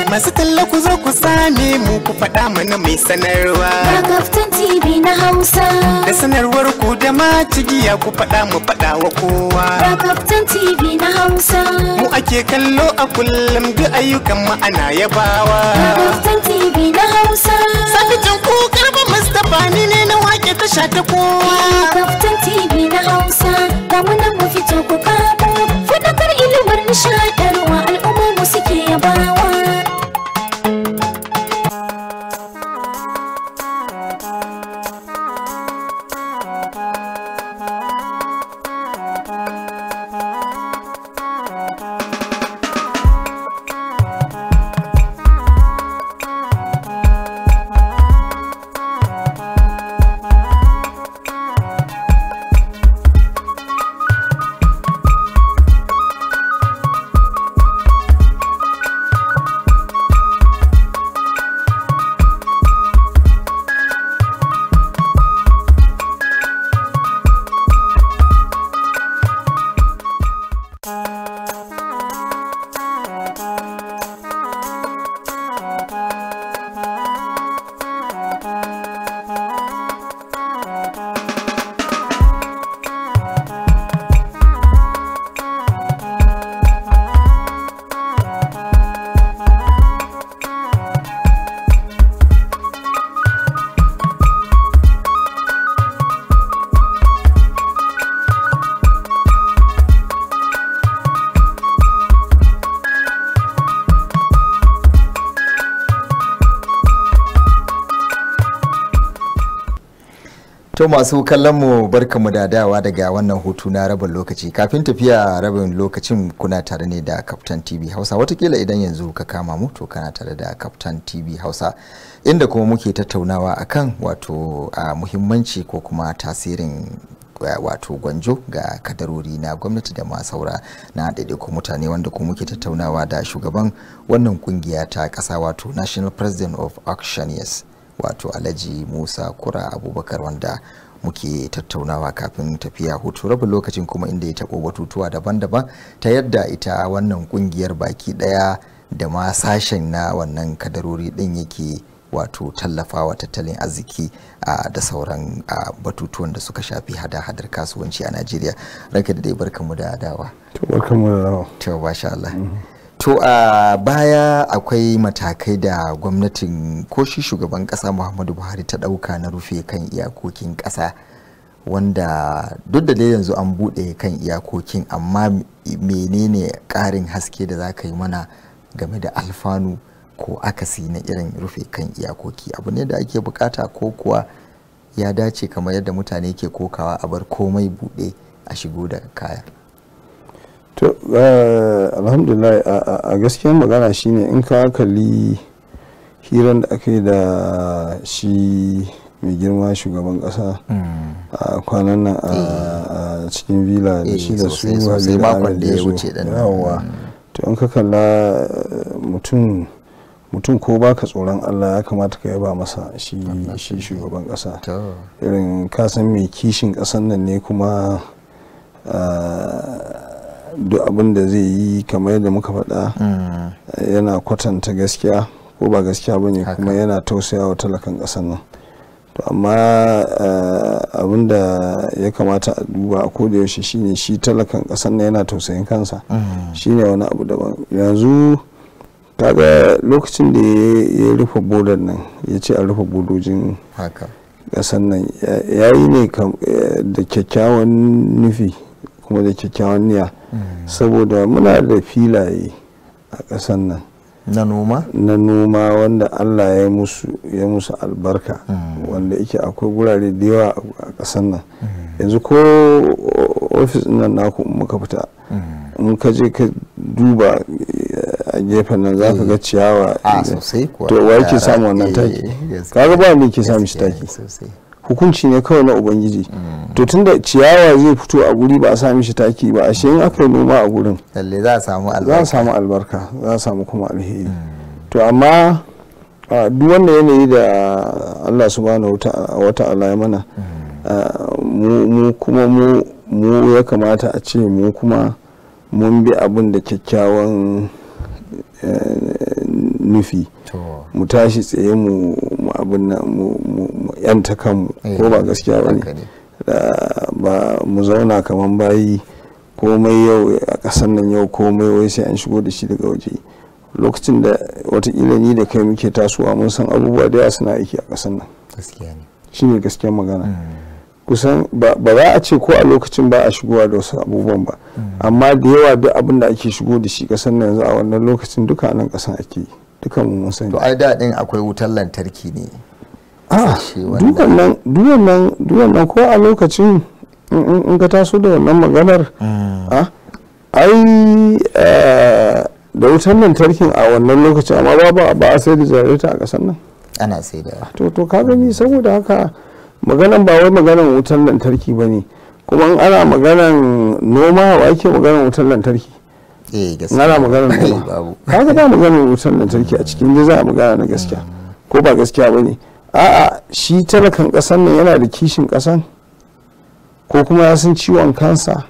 masu talla ku zo ku same mu ku faɗa mana mai sanarwa ga kaftan tv na hausa da sanarwar ku da ma cigiya ku faɗa mu faɗa wa kowa ga kaftan tv na hausa mu ake kallo a kullum duk ayyukan mu ana yabawa ga kaftan tv na hausa sabitin ku karba mustapha ni ne na wake tasha ta kowa ga kaftan tv na hausa ga mu nan mu fito ku kamo fadakar ilimin nishadarwa gonna masu kallon mu barkamu da dawa daga wannan hutu na rabin lokaci kafin tafiya rabin lokacin kuna tare ne da Captain TV Hausa watakila idan yanzu ka kama mu to kana tare da Captain TV Hausa inda kuma muke tattaunawa akan wato a muhimmanci ko kuma tasirin wato gwanjo ga kadarori na gwamnati da masaura saura na ko mutane wanda kuma muke tattaunawa da shugaban wannan kungiya ta ƙasa wato National President of Auctioneers wato alhaji musa kura abubakar wanda muke tattaunawa kafin tafiya hutu rabin lokacin kuma inda ya taɓo batutuwa daban-daban ta yadda ita wannan ƙungiyar baki ɗaya da ma sashen na wannan kadarori ɗin yake wato tallafawa tattalin arziki da sauran batutuwan da suka shafi hada-hadar kasuwanci a najeriya ranka da dai barkanmu da dawa to barkanmu da dawa to masha mm-hmm. to a baya akwai matakai da gwamnatin ko shi shugaban kasa muhammadu buhari ta dauka na rufe kan iyakokin kasa wanda duk da yanzu an buɗe kan iyakokin amma menene ƙarin haske da za ka yi mana game da alfanu ko akasi na irin rufe kan iyakoki abu ne da ake bukata ko kuwa ya dace kamar yadda mutane ke kokawa a bar komai buɗe a shigo da kaya to eh, alhamdulillah a gaskiyar magana shine in ka kalli hiran da aka yi da shi mai girma shugaban kasa hmm. a kwanan nan a cikin villa da eh, shi da su hmm. to in ka kalla eh, mutum mutum ko baka tsoron Allah ya kamata ka yaba masa shi shi shugaban kasa irin kasan mai kishin kasan nan ne kuma duk abin da zai yi kamar yadda muka faɗa hmm. yana kwatanta gaskiya ko ba gaskiya ba ne kuma yana tausaya wa talakan ƙasar nan to amma eh, abin da ya kamata a duba a koda yaushe shine shi talakan ƙasar nan yana tausayin kansa hmm. shine wani abu daban yanzu kaga lokacin da ya rufe bodar nan ya ce a rufe bodojin ƙasar nan ya yi ne eh, da kyakkyawan nufi kuma da kyakkyawan niyya saboda muna da filaye a ƙasar nan na noma na noma wanda allah ya musu ya musu albarka wanda yake akwai gurare da yawa a ƙasar nan yanzu ko ofis nan naku muka fita in ka je ka duba eh, a gefen nan za ka ga eh. ciyawa ah, to wa yake samu wannan eh, taki kaga ba mu yake samun shi taki hukunci ne kawai na ubangiji to tunda ciyawa zai fito a guri ba a sami shi taki ba ashe in aka yi noma a gurin za a samu albarka za a samu kuma alheri hmm. to amma duk wanda yanayi da Allah su wa wata ya mana hmm. mu kuma mu ya kamata a ce mu kuma mun bi abin da kyakkyawan eh, nufi mu tashi tsaye mu abin na mu yanta kanmu eh, ko ba gaskiya ba ne ba mu zauna kamar bayi komai yau a ƙasar nan yau komai wai sai an shigo da shi daga waje lokacin da watakila ni da kai muke tasowa mun san abubuwa da yawa suna aiki a ƙasar nan shi ne gaskiyar magana hmm. kusan ba za a ce ko a lokacin ba a shigowa da wasu abubuwan ba hmm. amma da yawa duk abin da ake shigo da shi ƙasar nan yanzu a wannan lokacin duka nan ƙasar ake yi dukan to ai da din akwai wutar lantarki ne ah, nan ko a lokacin in ka taso da wannan maganar hmm. ah, ai eh, da wutar lantarkin a wannan lokacin amma ba ba a sai da jararita a kasan nan ana sai da to to ka gani saboda haka maganan ba wai maganan wutar lantarki ba ne kuma ana maganan noma wa ake maganan wutar lantarki eh gaskiya kaga ba magana wutar lantarki a cikin dai za a magana na gaskiya ko ba gaskiya bane a'a shi talakan kasan nan yana da kishin kasan ko kuma ya san ciwon kansa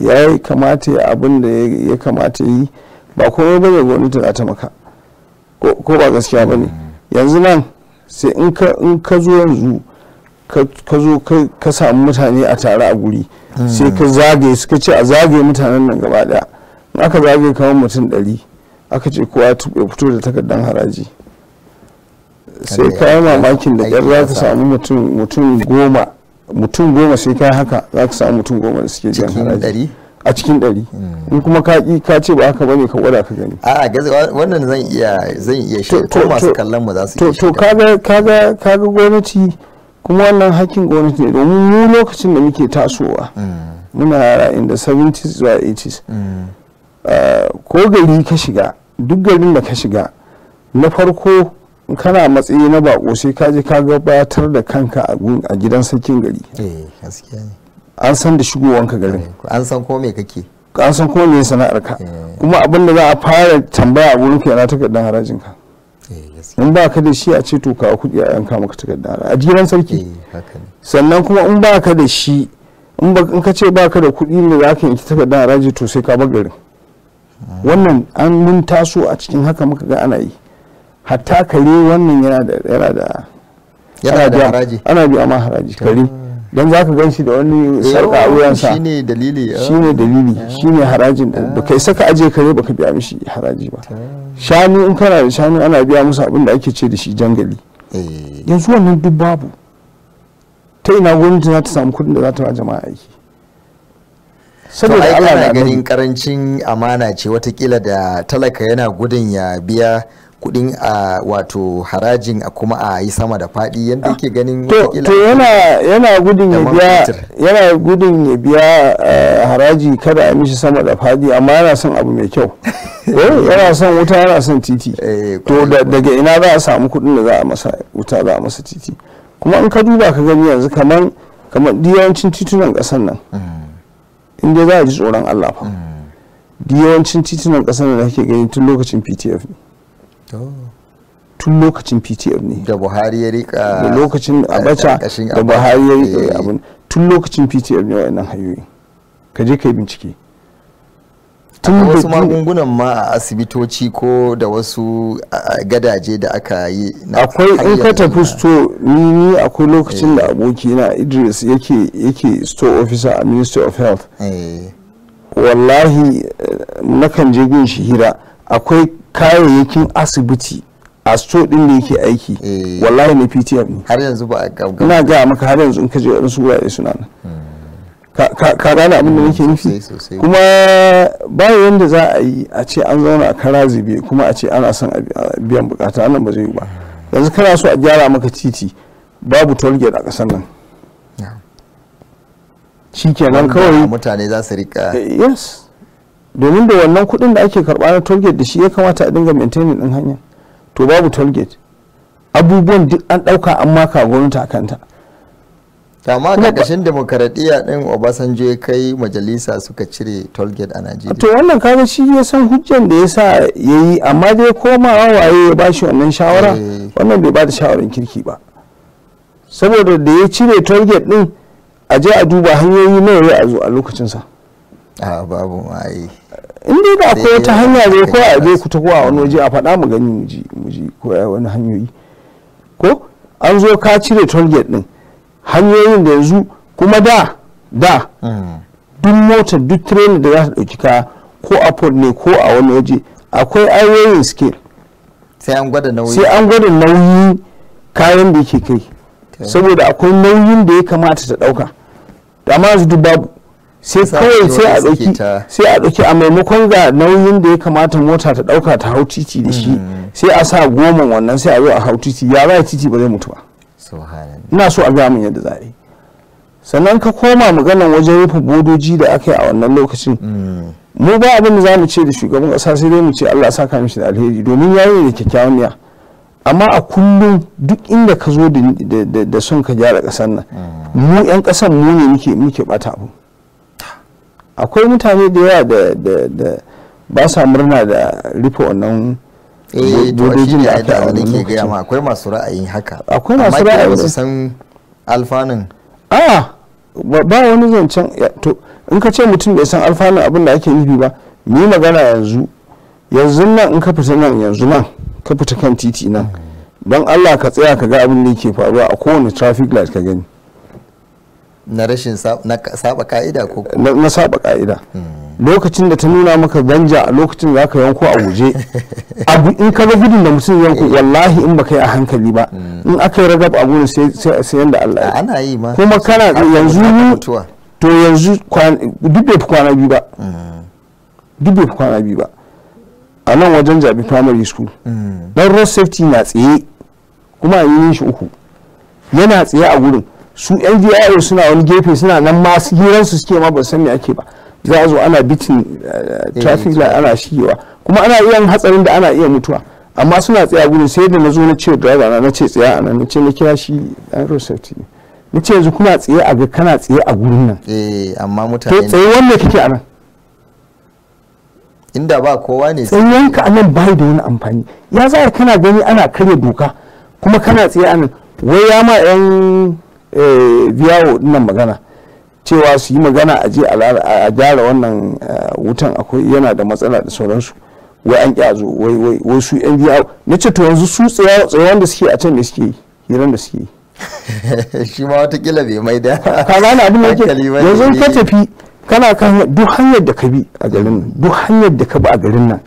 ya yi kamata ya abin da ya kamata yi ba komai bane gwamnati za ta maka ko ba gaskiya bane yanzu nan sai in ka zo yanzu ka zo ka samu mutane a tare a guri sai ka zagaye suka ce a zagaye mutanen nan gaba daya in aka zage kamar mutum ɗari aka ce kowa ya fito da takardar haraji sai ka yi mamakin da yar za ka samu mutum goma mutum goma sai ka haka za ka samu mutum goma da suke jan haraji a cikin ɗari hmm. in kuma ka ƙi ka ce ba haka bane ka gwada ka gani a gaza wannan zan iya zan iya shi ko masu kallon mu za su to to kaga kaga kaga gwamnati kuma wannan hakkin gwamnati ne domin mu lokacin da muke tasowa hmm. muna yara inda 70s zuwa 80s ko gari ka shiga duk garin da ka shiga na farko kana matsayi na bako sai ka je ka gabatar da kanka a gidan sarkin gari eh, an san da shigowanka garin eh, an san ko me kake an san ko me sana'ar ka eh. kuma abin da za a fara tambaya a gurin yana takardar harajin ka in ba ka da shi a ce to ka kuɗi a yanka maka takardar a gidan sarki sannan kuma in ba ka da shi in ka ce ba ka da kuɗi ne za ka yanki takardar haraji to sai ka bar garin wannan an mun taso a cikin haka muka ga ana yi hatta kare wannan yana da yana da haraji ana biya ma haraji kare za ka gan shi da wani sarka a wuyansa ne dalili shi dalili ah. harajin da kai saka aje kare ba ka biya mishi haraji ba shanu in kana da shanu ana biya musu abin da ake ce da shi jangali eh. yanzu wannan duk babu ta ina gwamnati za ta samu kuɗin da za ta wa jama'a aiki saboda Allah na ganin karancin amana ce watakila da talaka yana gudun ya biya kudin a wato harajin a kuma a yi sama da fadi yadda yake ganin to yana gudun ya biya yana gudun ya biya haraji kada a mishi sama da fadi amma yana son abu mai kyau eh, yana son wuta yana son titi eh, to daga ina za a samu kudin da za a masa wuta za a masa titi kuma in ka duba ka gani yanzu kamar kamar diyawancin titunan kasan nan mm. in dai za a ji tsoron Allah fa da yawancin titunan ƙasar da ake gani tun lokacin PTF ne tun lokacin PTF ne da Buhari ya rika da lokacin Abacha da Buhari ya rika abun tun lokacin PTF ne wa'annan nan ka je kai bincike tun wasu magungunan ma a asibitoci ko da wasu gadaje da aka yi akwai in ka tafi sto ni akwai lokacin da eh. aboki na idris yake yake store officer a ministry of health eh. wallahi eh, nakan je gun shi hira akwai kayayyakin asibiti a sto din da yake aiki wallahi na ptm ne har yanzu ba a gaggawa ina ga maka har yanzu in ka je wani su wurare suna nan hmm. ka gane abin da nake nufi kuma bayan yadda za a yi a ce an zauna a kara zube kuma a ce ana son biyan bukata nan ba zai yi ba yanzu kana so a gyara maka titi babu tolge a kasan nan shi kenan kawai mutane za su rika eh, yes domin da wannan kuɗin da ake karɓa na tolge da shi ya kamata a dinga maintaining din hanya to babu tolge abubuwan duk an ɗauka an maka gwamnati a kanta amma karkashin demokaradiyya din obasanjo ya kai majalisa suka cire tollgate a najeriya to wannan kaga shi ya san hujjan da ya sa ya yi amma dai koma waye ya ba shi wannan shawara eh. wannan bai ba da shawarar kirki ba saboda da ya cire tollgate din a je a duba hanyoyi nawa a zo a lokacinsa a babu waye in dai ba akwai wata hanya ne ko a je ku ta wani waje a faɗa mu gani mu ji mu ji ko wani hanyoyi ko an zo ka cire tollgate din hanyoyin da yanzu kuma da da mm. duk motar duk trailer da za ta ɗauki kaya ko a port ne ko a wani waje akwai ayoyin scale sai an gwada nauyi kayan da yake kai saboda akwai nauyin da ya kamata ta ɗauka amma yanzu duk babu sai kawai sai a ɗauki sai a ɗauki a maimakon ga nauyin da ya kamata mota ta ɗauka ta hau titi da shi mm. sai a sa goma wannan sai a zo a hau titi ya za titi ba zai mutu ba ina so a ga mun yadda za sannan ka koma maganan wajen rufe bodoji da aka yi a wannan lokacin mm. mu ba abin da za mu ce da shugaban kasa sai dai mu ce Allah saka mishi da alheri domin ya yi da kyakkyawan amma a kullum duk inda ka zo da son ka gyara kasar nan mm. mu yan kasan mu ne muke muke bata abu akwai mutane da yawa da ba sa murna da rufe wannan bodojin eh, da aka a ke gaya ma akwai masu ra'ayin haka akwai masu ra'ayin su san alfanun a ba wani zancen to in ka ce mutum bai san alfanun abin da ake nufi ba ni magana yanzu yanzu nan in ka fita nan yanzu nan ka fita kan titi nan don allah ka tsaya ka ga abin da yake faruwa a kowane traffic light ka gani na rashin saba ka'ida ko na saba ka'ida hmm. lokacin da ta nuna maka ganja lokacin da aka yanko a guje abu in ka ga gudun da mutum yanko wallahi in baka yi a hankali ba mm. in aka yi ragab a gurin sai yanda Allah ana yi ma kuma kana yanzu to yanzu duk bai fi kwana biyu ba mm. duk bai fi kwana biyu ba a nan wajen jabi primary school mm. dan road safety na tsaye kuma a yi shi uku yana tsaye a gurin su yan suna wani gefe suna nan masu hiransu suke ma ba san me ake ba za a zo ana bitin eh, traffic eh, light ana shigewa kuma ana iya hatsarin da ana iya mutuwa amma suna tsaya gudun sai da na zo na ce driver na na ce tsaya a nan na ce na kira shi dan rosati na ce yanzu kuna tsaye a ga kana tsaye a gurin nan eh amma mutane to tsaye wanne kake a nan inda ba kowa ne tsayenka a nan bai da wani amfani ya za kana gani ana karya doka kuma kana tsaye a nan wai ya ma yan biyawo eh, nan magana cewa su yi magana a je a gyara wannan eh, wutan akwai yana da matsala da sauransu wai an kyazo wai wai su yan biya na ce to yanzu su tsayawan da suke a can da suke hiran da suke shi ma watakila bai mai da ka na abin da yake yanzu ka tafi kana kan duk hanyar da ka bi a garin nan duk hanyar da ka bi a garin nan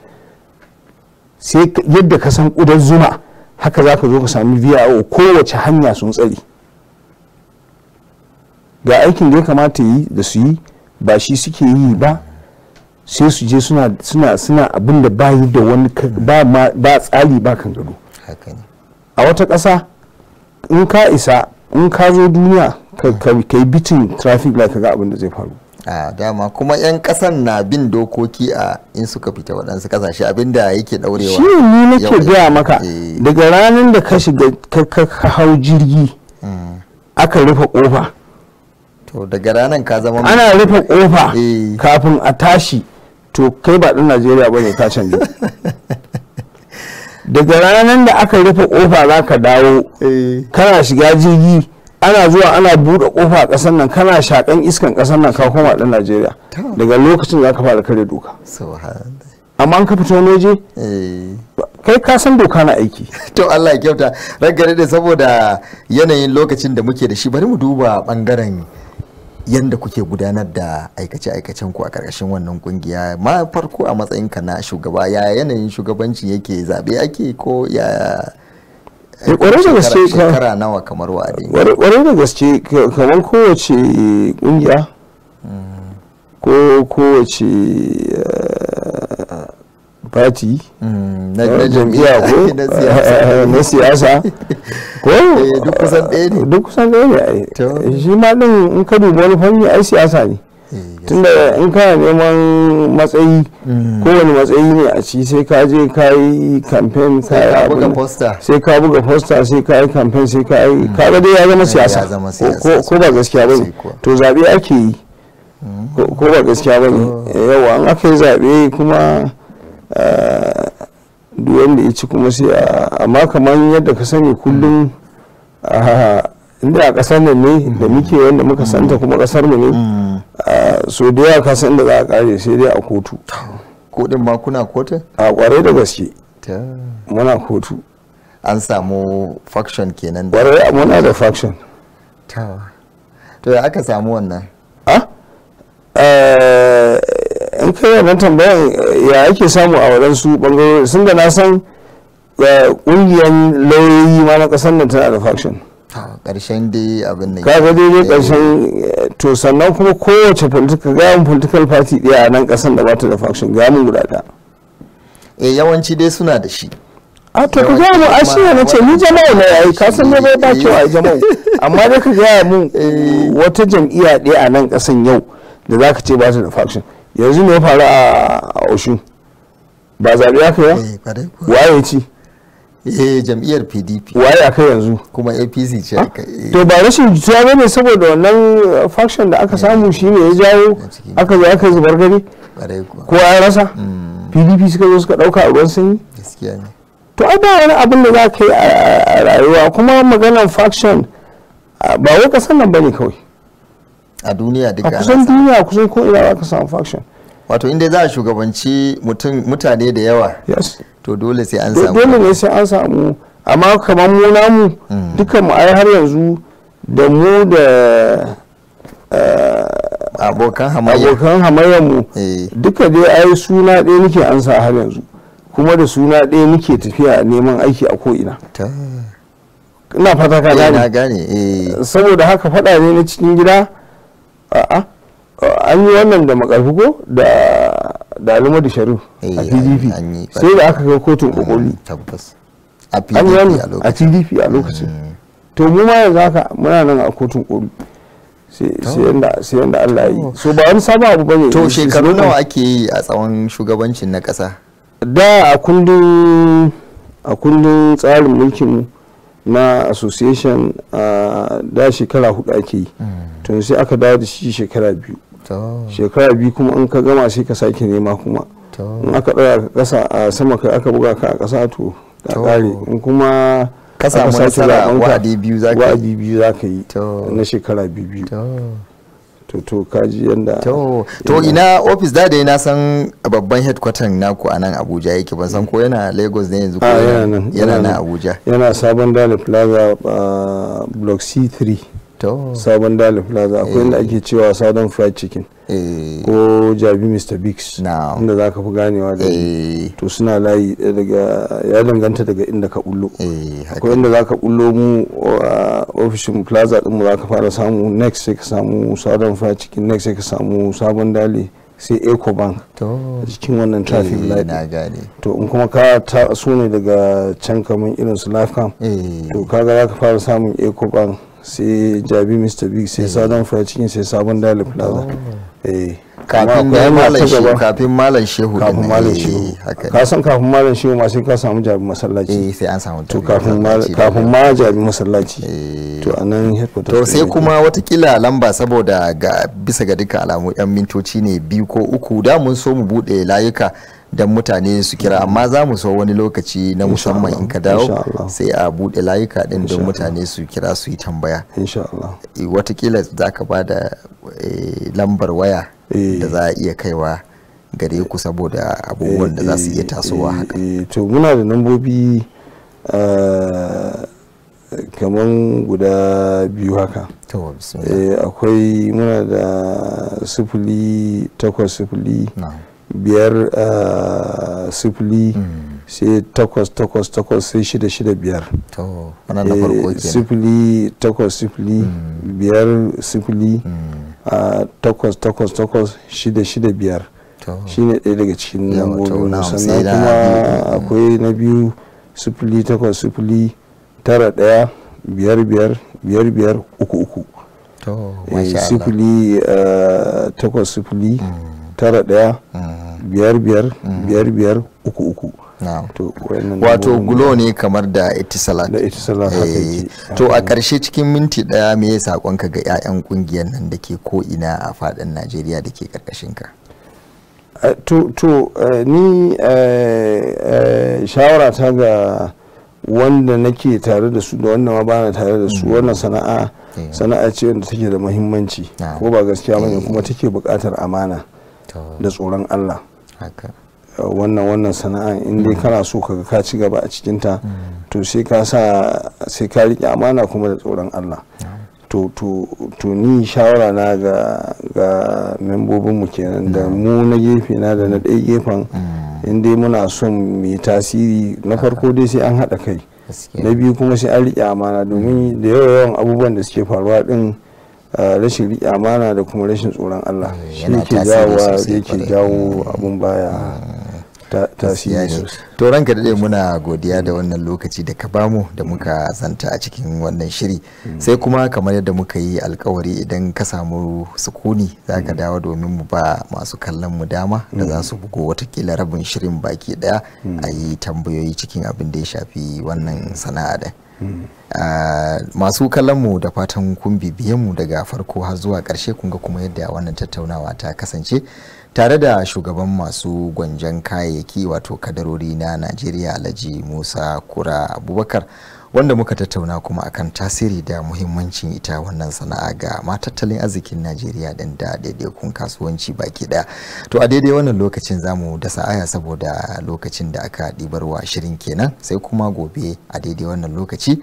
sai yadda ka san kudan zuma haka za ka zo ka sami biya kowace hanya sun tsare ga aikin da ya kamata yi da su yi ba shi suke yi ba sai su je suna suna suna abin da ba da wani ba ba tsari ba kan gado a wata ƙasa in ka isa in ka zo duniya ka yi bitin traffic light ka ga abin da zai faru a dama kuma 'yan kasan na bin dokoki a in suka fita waɗansu kasashe da yake ɗaurewa shi ne nake gaya maka eh. daga ranar da ka shiga ka hau jirgi mm. aka rufe kofa to daga ranar ka zama ana rufe kofa eh. kafin a tashi to kai ba ɗan najeriya ba ne ka canje daga ranar da aka rufe kofa za ka dawo eh. kana shiga jirgi ana zuwa ana buɗe kofa a ƙasar nan kana shakan iskan ƙasar nan ka koma ɗan najeriya daga lokacin za ka fara kare doka amma an ka fito waje eh. kai ka san doka na aiki to Allah ya kyauta rangare da saboda yanayin lokacin da muke da shi bari mu duba bangaren yadda kuke gudanar da aikace-aikacen ku a karkashin wannan kungiya ma farko a ka na shugaba ya yanayin shugabanci yake zaɓe ake ko ya kwarai eh, da gaske shekara nawa kamar wa'adi kwarai da gaske kamar kowace kungiya mm. ko kowace eh, party mm, na jam'iyya ko na siyasa ko eh, duk kusan ɗaya ne duk kusan ɗaya ne shi ma ɗin in ka dubi wani fanni ai siyasa ne eh, tunda in kana neman matsayi mm. kowane matsayi ne a ci sai ka je ka yi kamfen ka yi abu sai ka buga poster sai ka yi kamfen sai ka yi kaga dai ya zama siyasa ko ba gaskiya ba ne to zaɓe ake yi mm. ko ba gaskiya ba ne eh, yawa an aka yi zaɓe kuma duk wanda ya ci kuma sai amma kamar yadda ka sani kullum inda a kasar nan ne da muke wanda muka santa kuma kasar mu ne so da yawa ka san da za a kare sai dai a kotu kodin ma kuna kotu a kwarai da gaske muna kotu an samu faction kenan da kwarai muna da faction to ya aka samu wannan in kai wannan tambayan ya ake samu a waɗansu ɓangarori sun da na san ƙungiyar lauyoyi ma na ƙasar nan tana da faction ƙarshen dai abin da kaga dai dai ƙarshen eh, to sannan kuma kowace political gamin political party ɗaya a nan ƙasar da bata da faction mun guda ɗaya eh yawanci dai suna da shi a to ku gaya mu ashiya ne ce ni jama'a ne yayi ka san ne bai ba ki ai jama'a amma dai ka gaya mu eh. wata jam'iyya ɗaya a nan ƙasar yau da zaka ce ba ta da faction yanzu ne ya faru a oshu ba zaɓe aka yi eh, waye ci eh jam'iyyar pdp waye aka yanzu kuma apc ce ah, aka to ba rashin jituwa ne saboda wannan eh, faction da aka eh, samu shi ne ya jawo aka zo aka zubar gari kowa ya rasa pdp mm. suka zo suka ɗauka a ruwan sanyi to a ba wani abin da za ka yi a rayuwa kuma maganar faction ah, ba wai kasan nan ne kawai a duniya duka a kusan duniya kusan ko ina ka samu faction wato inda za a shugabanci mutane da yawa yes to dole sai an samu dole ne sai an samu amma kamar mu mu hmm. dukan mu ai har yanzu da mu da eh, abokan hamayya abokan hamayya mu eh. duka dai ai suna ɗaya nake an sa har yanzu kuma da suna ɗaya nake tafiya neman aiki a ko'ina ina fata ka eh, gane saboda haka faɗa ne na cikin gida a'a an yi wannan da makarfi ko da da alimadu sharif eh, a pdp sai da aka kai kotun kokoli a pdp a lokacin eh. to mu ma yanzu haka muna nan a kotun koli sai yanda allah yi so ba wani sabon abu bane to shekaru nawa ake yi a tsawon shugabancin na kasa da a kundin a kundin tsarin mulkin na association da shekara hudu ake yi hmm. to sai aka dawo da shi shekara biyu shekara biyu kuma an ka gama sai ka sake nema kuma in aka ɗaga ka ƙasa a sama kai aka buga ka a ƙasa to da kare in kuma ka samu nasara wa'adi biyu za ka yi na shekara biyu to to kaji yanda to to ina office da da na san babban headquarter naku a nan Abuja yake ban san ko yana Lagos ne yanzu ko ah, yana nan Abuja yana sabon Dale Plaza ah, block C3 sabon dali plaza akwai inda eh. ake cewa southern fried chicken eh. ko jabi mr biggs inda za ka fi ganewa da eh. to suna layi daga ya danganta daga inda ka bullo akwai inda za ka bullo mu ofishin plaza mu za ka fara samu next sai ka samu southern fried chicken next sai ka samu sabon dali sai ecobank cikin wannan traffic light to in kuma ka ta su ne daga can kamar irin su life cam to kaga za ka fara samun ecobank sai jabi mr big sai mm-hmm. sadan fried cikin sai sabon dali plaza oh. eh, kafin malam shehu kafin malam shehu eh, ka san kafin malam shehu ma sai ka samu jabi masallaci eh sai an samu to kafin kafin ma jabi masallaci eh. to anan to sai kuma watakila lamba saboda ga bisa ga duka alamu yan mintoci ne biyu ko uku da mun so mu bude layuka don mutane su kira amma za mu so wani lokaci na musamman in ka dawo sai a buɗe layuka ɗin don mutane su kira su yi tambaya eh, watakila za ka ba da eh, lambar waya da eh. za a iya kaiwa gare ku saboda abubuwan da za su iya tasowa haka to muna da lambobi ah, kamar guda biyu haka akwai muna da sufuli takwas sufuli biyar sifili sai takwas takwas takwas sai shida shida biyar eh, sifili takwas sifili biyar sifili takwas takwas takwas shida shida biyar shi ne ɗaya daga cikin lambobin sannan kuma akwai na biyu sifili takwas sifili tara ɗaya biyar biyar biyar biyar uku uku eh, sifili takwas sifili mm. tara daya mm. biyar biyar mm. biyar biyar uku uku wato gulo ne kamar da itisalat da itisalat eh. to a ƙarshe cikin minti ɗaya me ya saƙonka ga 'ya'yan ƙungiyar nan da ke ko'ina a faɗin najeriya da ke ka. Eh, to eh, ni shawara ta ga wanda nake tare da su da wanda ma bana tare da su mm. wannan sana'a sana'a ce wanda take da muhimmanci ko ba gaskiya bane kuma take buƙatar amana da tsoron Allah wannan wannan sana'a in dai mm. kana so kaga ka ci gaba a ta. Mm. to sai ka sa sai ka riƙe amana kuma da tsoron Allah to to to ni shawara na ga ga membobinmu kenan da mm. mu na gefe na da na ɗaya gefen in dai muna son mai tasiri na farko dai sai an haɗa kai na biyu kuma sai an riƙe amana domin da yawan abubuwan da suke faruwa ɗin rashin riƙe amana da kuma rashin tsoron Allah eh, shi ke jawo yake jawo eh. abun baya eh, tasiri to ranka dade muna godiya da wannan lokaci da ka bamu da muka zanta a cikin wannan shiri hmm. sai kuma kamar yadda muka yi alkawari idan ka samu sukuni za ka hmm. dawo domin mu ba masu kallon mu dama da za hmm. su bugo watakila rabin shirin baki daya a yi tambayoyi cikin abin da ya shafi wannan sana'a da masu mu da fatan kun bibiye mu daga farko har zuwa ƙarshe kun ga kuma yadda wannan tattaunawa ta kasance tare da shugaban masu gwanjan kayayyaki wato kadarori na najeriya alhaji musa kura abubakar wanda muka tattauna kuma akan tasiri da muhimmancin ita wannan sana'a ga matattalin arzikin najeriya din da daidaikun kasuwanci baki daya to a daidai wannan lokacin za mu dasa aya saboda lokacin da aka ɗibarwa shirin kenan sai kuma gobe a daidai wannan lokaci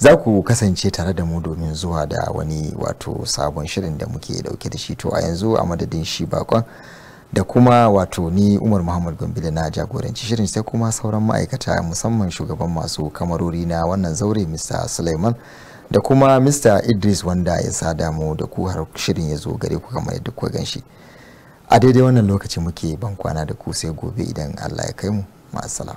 za ku kasance tare da mu domin zuwa da wani wato sabon shirin da muke dauke da shi to a yanzu a madadin shi bakon da kuma wato ni umar muhammad gombe na jagoranci shirin sai kuma sauran ma'aikata musamman shugaban masu kamarori na wannan zaure mr suleiman da kuma mr idris wanda ya sa mu da ku har shirin ya zo gare ku kamar yadda ku gan shi a daidai wannan lokaci muke ban kwana da ku sai gobe idan allah ya kai mu ma'asala.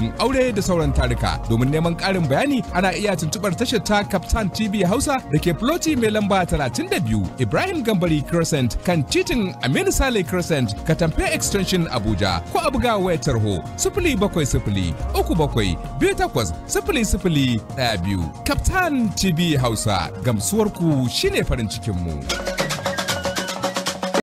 shirin aure da sauran tarika. Domin neman ƙarin bayani ana iya tuntuɓar tashar ta Captain TV Hausa da ke Floti mai lamba 32 Ibrahim Gambari Crescent kan titin Aminu Sale Crescent Katamfe Extension Abuja ko a buga wayar tarho 070 37 biyu. Captain TV Hausa gamsuwarku shine farin cikinmu. mu.